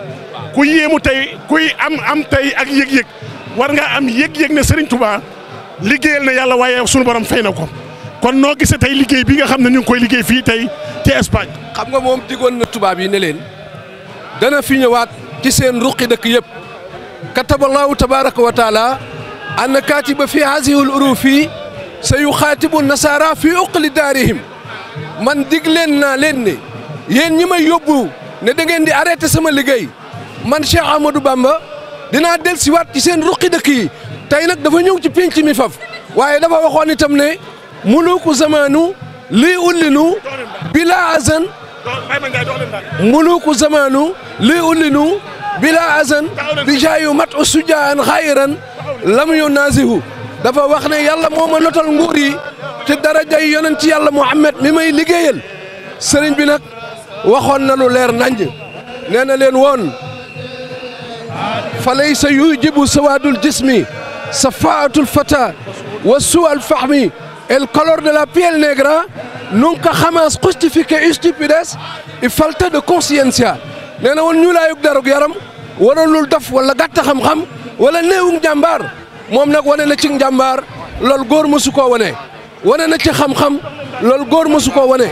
ku yéemu tey kuy am am tey ak yëg-yëg war ngaa am yëg-yëg ne Serigne Touba liggéeyal na yàlla waaye sunu borom fay na ko kon noo gisee tey liggéey bi nga xam ne ñu ngi koy liggéey fii
tey ci Espagne. xam nga moom diggoon na tubaab yi ne leen dana fi ñëwaat ci seen ruqi dëkk yëpp kataballahu tabaraka wa taala anna kaatiba fi hazihul urufi sa yuxaatibu nasara fi uqli daarihim man dig leen naa leen ne. yéen ñi may yóbbu ne da ngeen di arrêté sama liggéey man Cheikh Amadou bàmba dinaa del siwaat ci seen ruqi dëkk yi tey nag dafa ñëw ci pénc mi faf waaye dafa waxoon itam ne muluku zamaanu lii ullinu
bila azan
muluku zamaanu lii ullinu bila azan bi jaayu mat u sujaan xayiran lam yu nazihu dafa wax ne yàlla moo ma notal nguur yi ci darajay yonent ci yàlla Muhammad mi may liggéeyal sëriñ bi nag waxoon na lu leer naññ nee na leen woon fa laysa yujibu sawaadul jismi safaatul fata wa sual fahmi el color de la piel negra nunca jamás justifique estupidez et falta de consciência nee na woon ñu laayug darug yaram waroon lul def wala gàtt xam-xam wala néewug njàmbaar moom nag wane na ci njàmbaar loolu góor mësu koo wane wane na ci xam-xam loolu góor mësu koo wane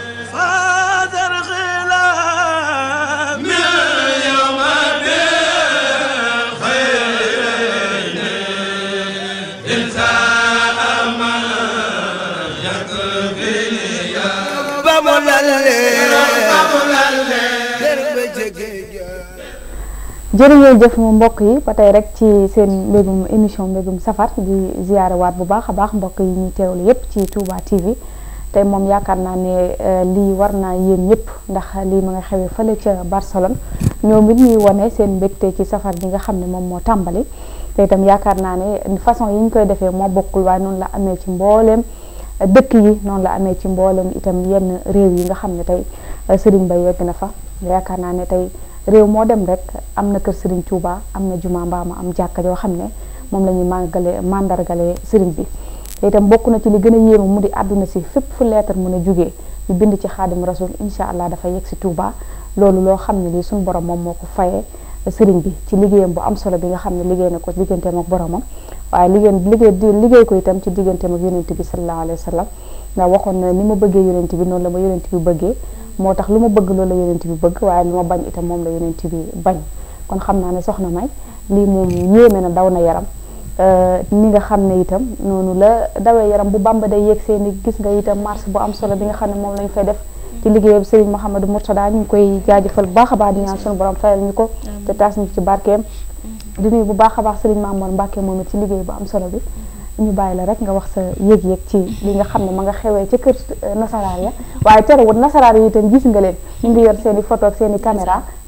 mu jërë
ngeen jëf mbokk yi ba tey rek ci seen mbégum émission mbégum safar di ziyaarewaat bu baax a baax mbokk yi ñu teewlu yépp ci Touba TV te moom yaakaar naa ne euh, lii war naa yéen ñëpp ndax lii ma nga xewee fële ca Barcelone ñoom it ñuy wane seen mbégte ci safar gi nga xam ne moom moo tàmbali te itam yaakaar naa ne façon yi ñu koy defee moo bokkul waaye noonu la amee ci mbooleem. dëkk yi noonu la amee ci mboolem itam yenn réew yi nga xam ne tey euh, Serigne Ba yegg na fa yaakaar naa ne tey réew moo dem rek am na kër Serigne Touba am na jumaa mbaam am jàkka yoo xam ne moom la ñuy màggale màndargale Serigne bi te itam bokk na ci li gën a yéemu mu di àdduna si fépp fu leetar mun a jugee ñu bind ci xaadim rasul incha allah dafay yegg si Touba loolu loo xam ne lii suñu borom moom moo ko fayee. sëriñ bi ci liggéeyam bu am solo bi nga xam ne liggéey na ko digganteem ak boromam waaye liggéey liggéey di liggéey ko itam ci digganteem ak yonent bi sallallahu alayhi wa sallam waxoon na ni ma bëggee yonent bi noonu la ma yonent bi bëggee moo tax lu ma bëgg loolu la yonent bi bëgg waaye lu ma bañ itam moom la yonent bi bañ kon xam naa ne soxna May lii moom yéeme na daw na yaram euh, ni nga xam ne itam noonu la dawee yaram bu Bàmba day yegg seeni gis nga itam marche bu am solo bi nga xam ne moom lañ fay def ci liggéey liggéeyam Serigne Mouhamadou Mourtada ñu ngi koy jaajëfal bu baax a baax di ñaan suñu borom fayal ñu ko te taas ñu ci barkeem di bu baax a baax Serigne Mamour Mbacke moom it ci liggéey bu am solo bi ñu bàyyi la rek nga wax sa yëg-yëg ci li nga xam ne ma nga xewee ca kër euh, nasaraar ya waaye terewul nasaraar yi itam gis nga leen ñu ngi yor seen i photo ak seen i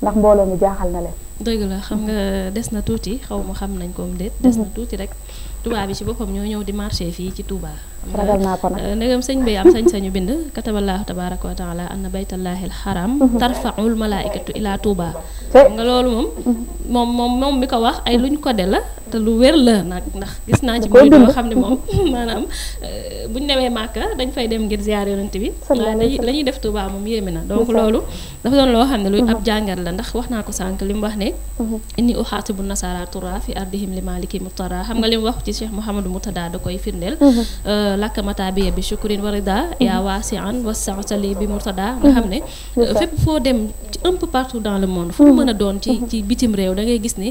ndax mbooloo mi jaaxal na leen
dëgg la xam nga des na tuuti xaw ma xam nañ koom déet des na mm-hmm. tuuti rek tubaab bi ci boppam ñoo ñëw di marché fii ci Touba ragal naa ko nag euh, ndegam sëñ bi am sañ-sañu bind kataballaahu tabaaraka wa taala anna baytallaahi alxaram mhm. tarfaul malaaikatu ilaa tuuba nga loolu moom mhm. moom moom moom mi ko wax ay luñ ko de la te lu wér la nag ndax gis naa ci mbir boo xam ne moom (laughs) maanaam euh, buñ demee màkka dañ fay dem ngir ziyaar yonent bi waaye la ñuy def tuuba moom yéeme na donc loolu dafa doon loo xam ne luy ab mhm. jàngat la ndax wax naa ko sànq li mu wax ne inni uxaasibu nasara tura fi ardihim li maliki mutara xam nga li mu wax ci Cheikh Mouhamadou Moutada da koy firndeel euh, làkk mataabiya bi shukrin wa rida mhm. yaa waasian wasaatali bi murtada nga mhm. xam ne mhm. a doon ci ci bitim réew da ngay gis ne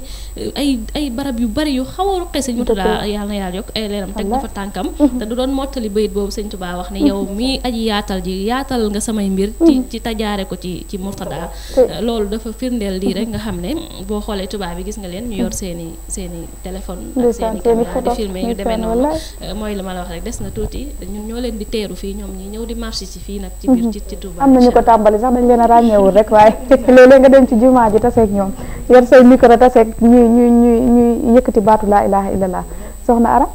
ay ay barab yu bari yu xaw a ruqe sëñ murtada yàlla na yàlla yokk ay leeram teg dafa tànkam te du doon mottali bayit boobu sëñ Tuubaa wax ne yow mii aji yaatal ji yaatal nga samay mbir ci ci tajaare ko ci ci murtada euh, loolu dafa firndeel lii rek nga xam ne boo xoolee tubaab bi gis nga leen ñu yor seeni seeni téléphone ak seeni caméra di filmer yu demee noonu euh, mooy li ma la wax rek des na tuuti ñun ñoo leen di teeru fii ñoom ñi ñëw di marché si fii nag.
ci biir mhm. ci ci am na ñu ko tàmbali sax dañ leen a rek waaye (laughs) léeg-léeg nga dem ci jumaa ji taseeg ñoom yor say micro taseeg ñuy ñuy ñuy ñuy yëkkati baatu laa ilaha illallah Ara.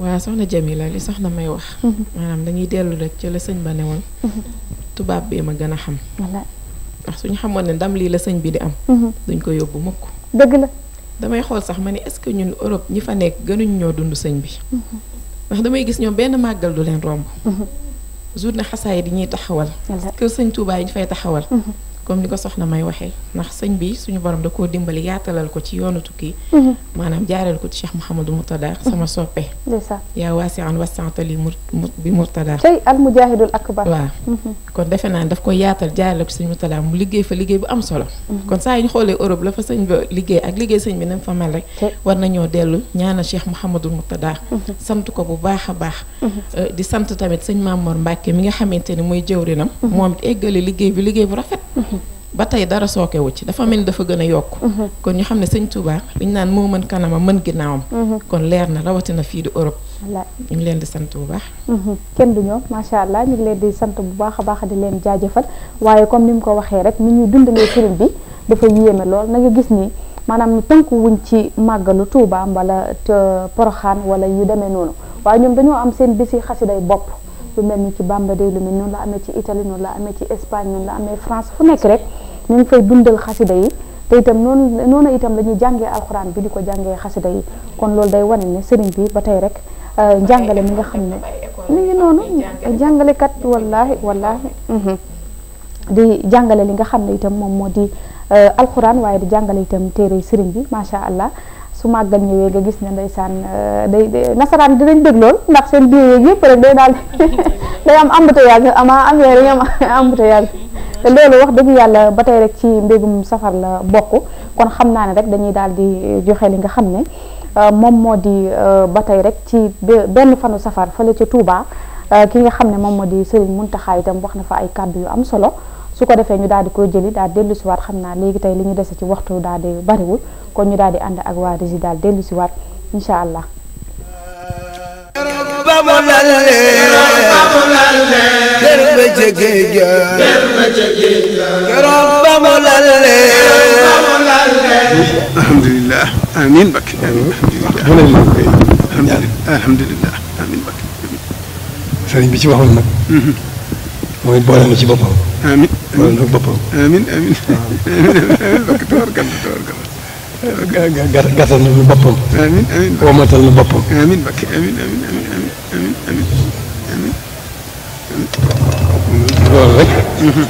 waaw soxna Jamila li soxna may wax. Mhm. maanaam dañuy rek ci la sëñ ba ne woon. Mhm. tubaab bee ma gën a xam. ndax suñu xamoon ne ndam lii la sëñ bi di am. duñ ko yóbbu mukk. dëgg la. damay xool sax ma ne est-ce que ñun Europe ñi fa nekk gënuñ ñoo dund sëñ bi. ndax damay gis ñoom benn màggal du leen romb journée xasaay di ñuy taxawal kër sëñ Touba yi ñu fay taxawal comme ni ko soxna may waxe ndax sëñ bi suñu borom da ko dimbali yaatalal ko ci yoonu tukki. manam jaaral ko ci Cheikh mohammed Murtada sama soppe ya waasi an wasantali mur bi Murtada tay al mujahidul akbar wa kon defe na daf ko yaatal jaaral ko sëñ Murtada mu liggéey fa liggéey bu am solo kon sa ñu xolé Europe la fa sëñ ba liggéey ak liggéey sëñ bi na fa mel rek war nañu delu ñaanal Cheikh mohammed Murtada sant ko bu baaxa baax di sant tamit sëñ Mamour Mbacke mi nga xamanteni moy mooy jëwrinam moom eggale liggéey bi liggéey bu rafet ba tey dara sookewu ci dafa mel ni dafa gën a yokk mhm. kon ñu xam ne sëñ Touba li ñu naan moo mën kanamam mën ginnaawam mhm. kon leer na rawatina fii di Europe ñu leen di sant bu baax
mhm. kenn du ñoom macha allah ñu ngi leen di sant bu baax a baax di leen jaajëfal waaye comme ni mu ko waxee rek ni ñuy dundalee film bi dafa yéeme lool na nga gis ni maanaam tënku wuñ ci màggalu Touba mbala Poroxaan wala yu demee noonu waaye ñoom dañoo am seen bisi xasiday bopp lu mel ni ci Bamba day lu mel noonu la amee ci Italie noonu la amee ci Espagne noonu la amee France fu nekk rek ñu ngi fay dundal xasida yi te itam noonu noonu itam la ñuy jàngee alxuraan bi di ko jàngee xasida yi kon loolu day wane ne sëriñ bi ba tey rek euh, njàngale mi nga xam ne mi ngi noonu jàngalekat wallaahi wallaahi mhm. di jàngale li nga xam ne itam moom moo di euh, alxuraan waaye di jàngale itam téere sëriñ bi macha allah su màggal ñëwee nga gis ne ndeysaan euh, day nasaraan dinañ bëgg lool ndax seen biir yeeg yëpp rek day daal (laughs) day am embouteillage ama am yee dañu am (laughs) embouteillage te loolu wax dëgg yàlla ba tey rek ci mbégum safar la bokk kon xam naa ne rek dañuy daal di joxe li nga xam ne euh, moom moo di euh, ba tey rek ci benn fanu safar fële ca Touba ki nga xam ne moom moo di Serigne Mountakha itam wax na fa ay kàddu yu am solo su ko defee ñu daal di koy jëli daal dellu siwaat xam naa léegi tey li ñu dese ci waxtu daal di bariwul ko ñu daal di ànd ak waa daal dellu siwaat incha allah
alhamdulilah amiin bakki amiin alhamdulilah alhamdulilah amiin bakki sëriñ bi ci waxoon nag mm-hmm. moom it boole ci boppam. amiin boole na boppam. amiin amiin amiin parce que boppam. amiin amiin woomatal na boppam. amiin bakki amiin amiin amiin amiin mm-hmm.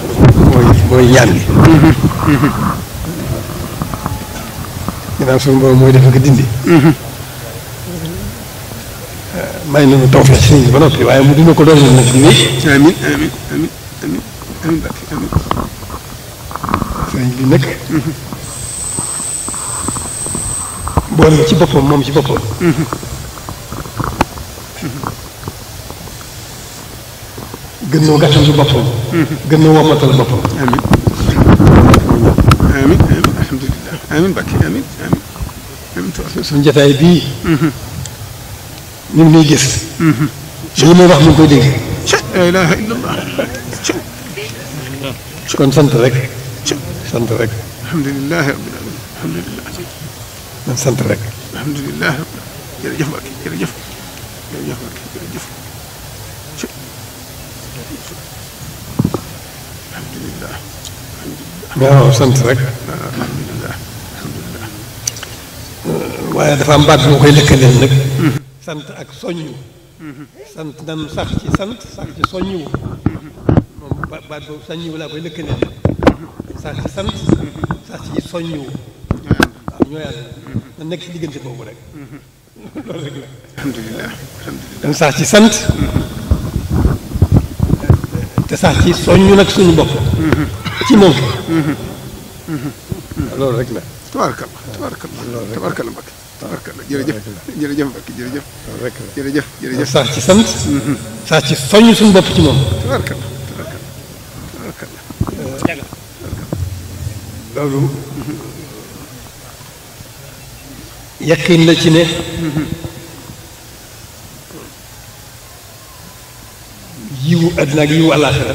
mooy mooy ñaan gi. Mm-hmm. Mm-hmm. ginnaaw suñu borom mooy def ak dindi. may nañu taw feex sëriñ bi ba noppi waaye mu ko doon nag nii amin amin amin ci boppam moom ci boppam gën noo gàttal su boppam gën noo womatal boppam amin amin amin amin bàkki amin amin amin suñu jotaay bii mhm. من ميقف شو اللي راح لا
إله إلا الله
شو كنت سنترك؟ الحمد
لله رب العالمين الحمد لله
من الحمد
لله رب العالمين يرجفك يرجفك يرجفك يرجفك الحمد لله
الحمد لله يا الحمد لله الحمد لله ويا دفع sant ak soññu sant nan sax ci sant sax ci soññu moom baat boobu ñoo yàlla na nekk ci diggante boobu rek loolu rek la sax ci sant te sax ci soññu nag suñu bopp ci moom loolu rek la tabaarkalla tabaarkalla tabaarkalla Mbacke tabarkalla jërëjëf
jërëjëf Mbacke jërëjëf. jërëjëf jërëjëf sax ci sant.
Mhm. sax ci soññ suñu bopp ci moom. tabarkalla tabarkalla tabarkalla. loolu. Mhm. yaqin la ci ne. Mhm. yiwu àddina ak yiwu àllaaxira.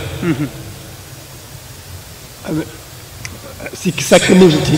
am sikki sàkk néew ci.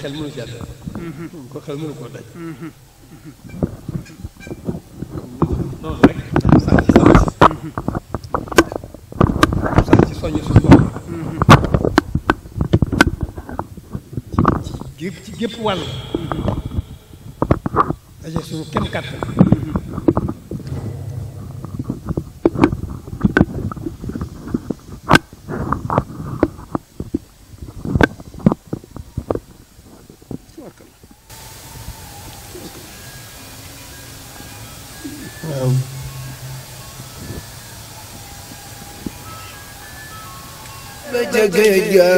xel mënu caa dara. Mm-hmm. ko xel mënu koo daj. loolu mm-hmm. rek dafa ci mm-hmm.
sax sax ci soññ suñu bopp. ci ci gépp kem kàttan. ca géej
ga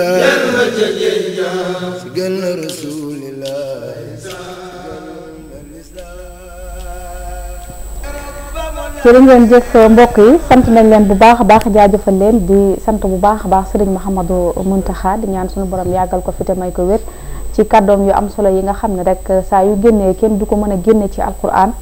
si gën la
jëf mbokk yi sant nañ leen bu baax a baax jaajëfal leen di sant bu baax a baax sëriñ Mouhamadou Mountakha di ñaan suñu borom yàggal ko fi may ko wér ci kàddoom yu am solo yi nga xam ne rek saa yu génnee kenn du ko mën ci alquran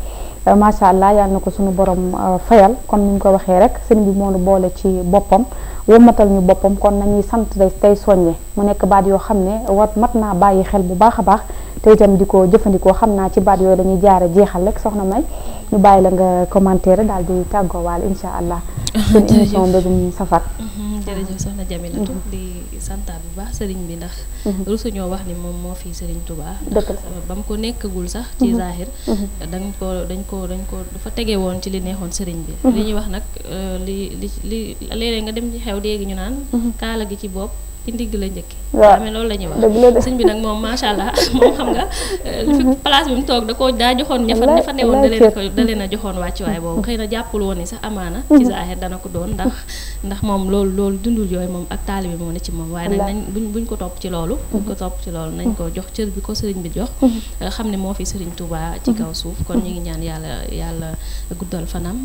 Euh, macha allah yal na ko suñu borom euh, fayal kon ni ñu ko waxee rek sëñ bi moo boole ci boppam wommatal ñu boppam kon nañuy sant tey soññe mu nekk baat yoo xam ne wat mat naa bàyyi xel bu baax a baax te itam di ko jëfandikoo xam naa ci baat yooyu dañuy jaare jeexal rek soxna May ñu bàyyi la nga commentaire daal di tàggoowaal incha allah. (laughs) seen émission mbégum safar. Mm-hmm.
jërëjëf na Jaminatu mm-hmm. di santaat bu baax sëriñ bi ndax mm-hmm. rusu wax ni moom moo fi sëriñ Touba ndax bam mu ko nekkagul sax ci zahir dañ ko dañ ko dañ ko dafa tege woon ci li neexoon sëriñ bi li ñuy wax nag euh, li li li léeg-léeg nga dem ci xew léegi ñu naan kaala gi ci bopp ci ndigg la njëkk waaw amee loolu la ñuy wax sëñ bi nag moom macha allah (laughs) moom xam nga euh, fi mm-hmm. place bi mu toog da koo daa joxoon ña fa ña fa na da leen da leen a joxoon wàccuwaay boobu mm-hmm. xëy na jàppul woon ni sax amaana mm-hmm. ci saaxeet dana ko doon ndax (laughs) ndax moom loolu loolu dundul yooyu moom ak taalibe moom ne ci moom waaye nag nañ buñ buñ ko topp ci loolu buñ ko mm-hmm. topp ci loolu nañ ko mm-hmm. jox cër bi ko sëriñ bi jox mm-hmm. euh, xam ne moo fi sëriñ Touba ci kaw suuf kon ñu ngi ñaan yàlla yàlla guddal fanam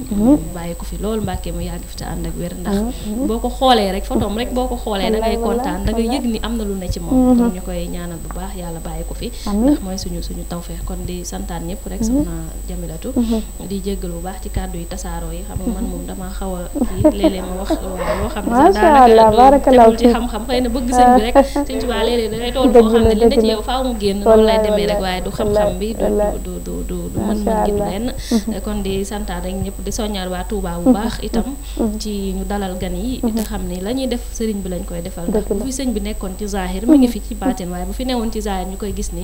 bàyyi ko fi loolu Mbàkke mu yàgg ànd ak ndax boo ko xoolee rek fotoom rek boo ko xoolee da ngay kontaan da ngay yëg ni am na lu ne ci moom kon ñu koy ñaanal bu baax yàlla bàyyi ko fi ndax mooy suñu suñu tawfeex kon di santaan ñëpp rek soxna Jamilatu di jéggal bu baax ci kàddu yi tasaaroo yi xam man moom dama xaw a (laughs) ma wax (laughs) waaw loo xam ne sax daanaka tegul ci xam-xam xëy (laughs) di santaan rek ñëpp di soññaal waa Tuubaa bu (laughs) baax itam ci ñu dalal gan yi te xam ne la ñuy def sëriñ bi lañ koy defal ndax bu fi sëñ bi nekkoon ci zahir mi ngi fi ci baatin waaye bu fi newoon ci zahir ñu koy gis ni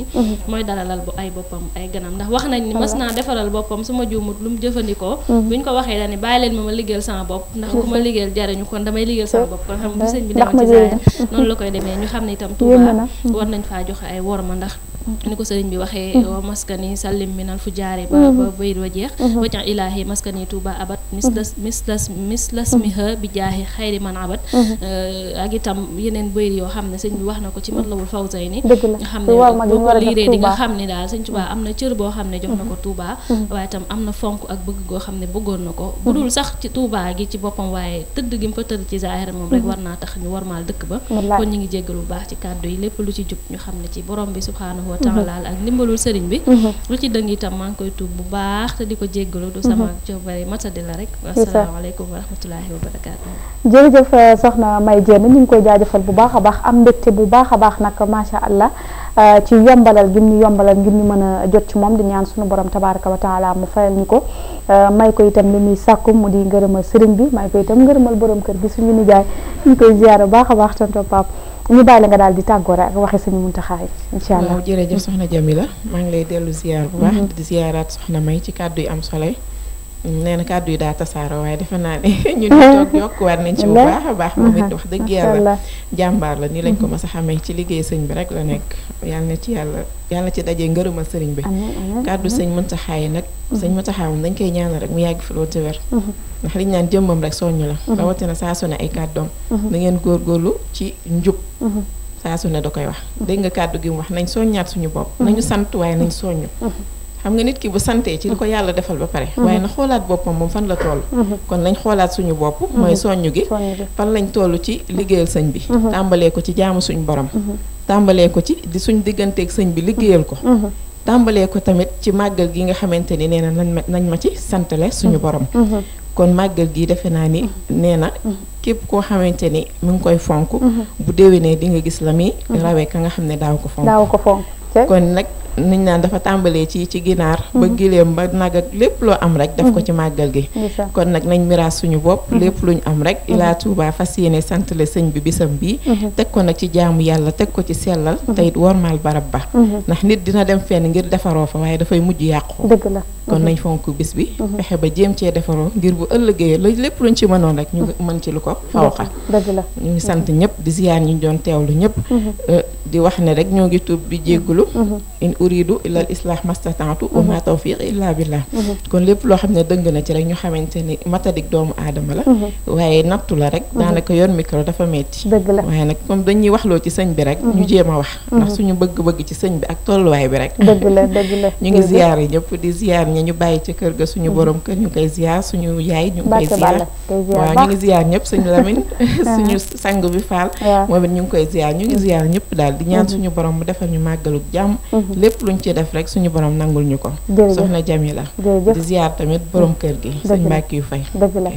mooy dalalal bu ay boppam ay ganam ndax wax nañ ni mas naa defaral boppam su ma juumut lu mu jëfandikoo buñ ko waxee dañ ne bàyyi leen ma ma liggéeyal sama bopp ndax ku ma liggéeyal jar ñu kon damay liggéeyal sama bopp kon xam bu sëñ bi demoon ci daara noonu la koy demee ñu xam ne itam Touba war nañ faa joxe ay worma ndax ni ko sëriñ bi waxee mm-hmm. wa maskani sallim minal fu jaare ba mm-hmm. ba bayit wa jeex mm-hmm. wajax ilaahi maskani tuuba abat mislas mislas mislas miha bi jaahi xayri man abat euh, ak itam yeneen bayit yoo xam ne sëñ bi wax na ko ci Matlabul Fawzayni nga xam ne boo ko liiree di xam ne daal sëñ am na cër boo xam ne jox na ko Tuuba waaye am na fonk bëgg goo xam ne bëggoon na ko bu dul sax ci Tuuba gi ci boppam waaye tëdd gi mu fa tëdd ci zaahir moom rek war naa tax ñu warmaal dëkk ba kon ñu ngi jéggal lu baax ci kàddu yi lépp lu ci jub ñu xam ne ci borom bi subhaanahu wa taala ak ndimbalul sëriñ bi mhm. lu ci dëng itam maa ngi koy tuub bu baax te di ko jéggalu du mhm. sama coobare matadi la rek asalaamaaleykum wa rahmatulahi wa barakaatu
jërëjëf euh, soxna May Jéen ñu ngi koy jaajëfal bu baax a baax am mbégte bu baax a baax nag macha allah euh, ci yombalal gim ñu yombalal ngir ñu mën a jot ci moom di ñaan suñu borom tabaraka wa taala mu fayal ñu ko euh, may ko itam li muy sàkku mu di ngërëmal sëriñ bi may ko itam ngërëmal borom kër gi suñu nijaay ñu koy ziyaara baax a baax tonton Pape ñu bàyyi la nga daal di tàggoo rek waxee suñu muntaxaay incha allah waaw jërëjëf
soxna Jamila maa ngi lay dellu ziar bu baax mhm. di ziaraat soxna May ci kàddu yi am solo nee na kàddu yi daa tasaaroo waaye defe naa ne (laughs) ñu toog yokkuwaat nañ ci bu (laughs) baax a baax moom wax dëgg yàlla jàmbaar la nii lañ ko mhm. mas a xamee ci liggéey sëñ bi rek la nekk yàlla ci yàlla yàlla ci dajee ngërëmal sëriñ bi kàddu sëñ muntaxaay nag sëñ mhm. muntaxaay moom dañ koy ñaanal rek mu yàgg fi loolu te ndax liñ naan jëmmam rek soññu la mhm. rawatina saa su ne ay kàddoom mhm. na ngeen góorlu ci njub mhm. saa su ne da koy wax dégg nga kàddu gi mu wax nañ soññaat suñu bopp nañu sant waaye nañ soññu xam nga nit ki bu santee ci li ko yàlla defal ba pare waaye na xoolaat boppam moom fan la toll kon lañ xoolaat suñu bopp mooy soññu gi fan lañ toll ci liggéeyal sëñ bi tàmbalee ko ci jaamu suñu borom tàmbalee ko ci di suñu digganteeg sëñ bi liggéeyal ko tàmbalee ko tamit ci màggal gi nga xamante ni nee na nañ ma ci santale suñu borom kon màggal gi defe naa ni mm-hmm. nee na mm-hmm. képp koo xamante ni mu ngi koy fonk mm-hmm. bu déwénee di nga gis la muy rawee ka nga xam ne daaw ko fonk daaw ko fonk kon nag niñ naan dafa tàmbalee ci ci ginaar mm-hmm. ba gileem ba nag ak lépp loo am rek daf ko mm-hmm. ci màggal gi kon nag nañ miraas suñu bopp mm-hmm. lépp luñ am rek ilaa Touba fas yéene sant la sëñ bi bisam bi teg ko nag ci jaamu yàlla teg ko ci sellal teyit wormaal barab ba ndax nit dina dem fenn ngir defaroo fa waaye dafay mujj yàqu
dëgg la kon nañ
fonk bis bi fexe ba jéem cee defaroo ngir bu ëllëgee la lépp luñ ci mënoon rek ñu mën ci lu ko fawxa dëgg ñu ngi sant ñëpp di ziyaar ñu doon teewlu ñëpp uh, Mhm. in uridu illa al islah mastata'tu wa ma mhm. tawfiq illa billah mhm. kon lépp loo xam ne dëng na ci rek ñu xamante ni matadik doomu aadama la waaye nattu la rek daanaka yoon micro dafa metti waaye nag comme dañuy waxloo ci sëñ bi rek a wax ndax suñu bëgg-bëgg ci sëñ bi ak tolluwaay bi rek dëgg la dëgg la (laughs) ñu ngi ziyaar yi ñëpp di ziyaar ñi ñu bàyyi ci kër ga suñu borom kër ñu koy ziyaar suñu yaay ñu koy ziyaar waaw ñu ngi ziyaar ñëpp (laughs) (laughs) koy ziyaar ñu daal di ñaan suñu borom mu defal ñu màggalu jàmm mhm. lépp luñ ci def rek suñu borom nangul ñu ko soxna Jamila di ziar tamit borom kër gi sëñ Mbàkke yu fay
dëgg la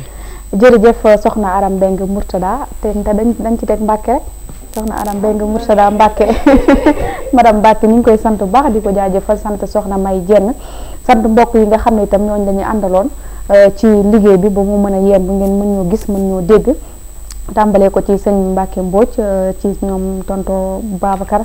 jërëjëf soxna Aram Beng Murtada te dañ dañ ci teg Mbàkke rek soxna Aram Beng Murtada Mbàkke (laughs) madame Mbàkke ñu ngi koy sant bu baax di ko jaajëfal sant soxna May Jenn sant mbokk yi nga xam ne itam ñooñu la ñu àndaloon euh, ci liggéey bi ba mu mën a yem ngeen mën ñoo gis mën ñoo dégg tàmbalee ko ci sëñ Mbacke Mbodj euh, ci ñoom tonto bu Babacar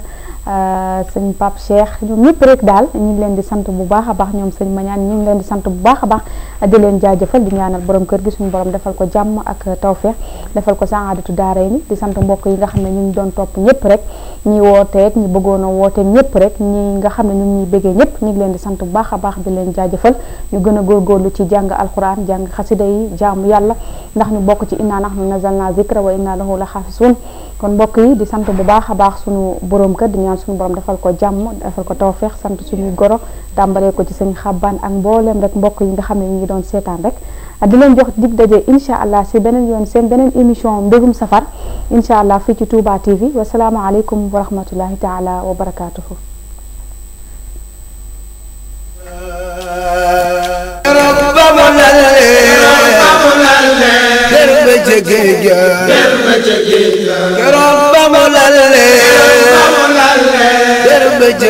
euh, sëñ Pape Cheikh ñoom ñëpp rek daal ñu ngi leen di sant bu baax a baax ñoom sëñ Mañaan ñu ngi leen di sant bu baax a baax di leen jaajëfal di ñaanal borom kër gi suñu borom defal ko jàmm ak tawfeex defal ko saadatu daaray ni di sant mbokk yi nga xam ne ñu ngi doon topp ñëpp rek ñi wooteeg ñi bëggoon a woote ñëpp rek ñi nga xam ne ñu ngi ñuy bëggee ñëpp ñu ngi leen di sant bu baax a baax di leen jaajëfal ñu gën a góorgóorlu ci jàng alxuraan jàng xasida yi jaamu yàlla ndax ñu bokk ci inna nahnu nazalna zikra wa inna lahu la xaafisuun kon mbokk yi di sant bu baax a baax sunu borom kër di ñaan sunu borom defal ko jàmm defal ko tawfeex sant suñuy goro tàmbalee ko ci sëñ xabbaan ak mbooleem rek mbokk yi nga xam ne ñu ngi doon seetaan rek di leen jox dig daje incha allah si beneen yoon seen beneen émission mbégum safar incha allah fii ci Touba TV wasalaamaaleykum wa rahmatullahi taala wa barakaatuhu.
رب من ca géej ga keroog ba mu lalee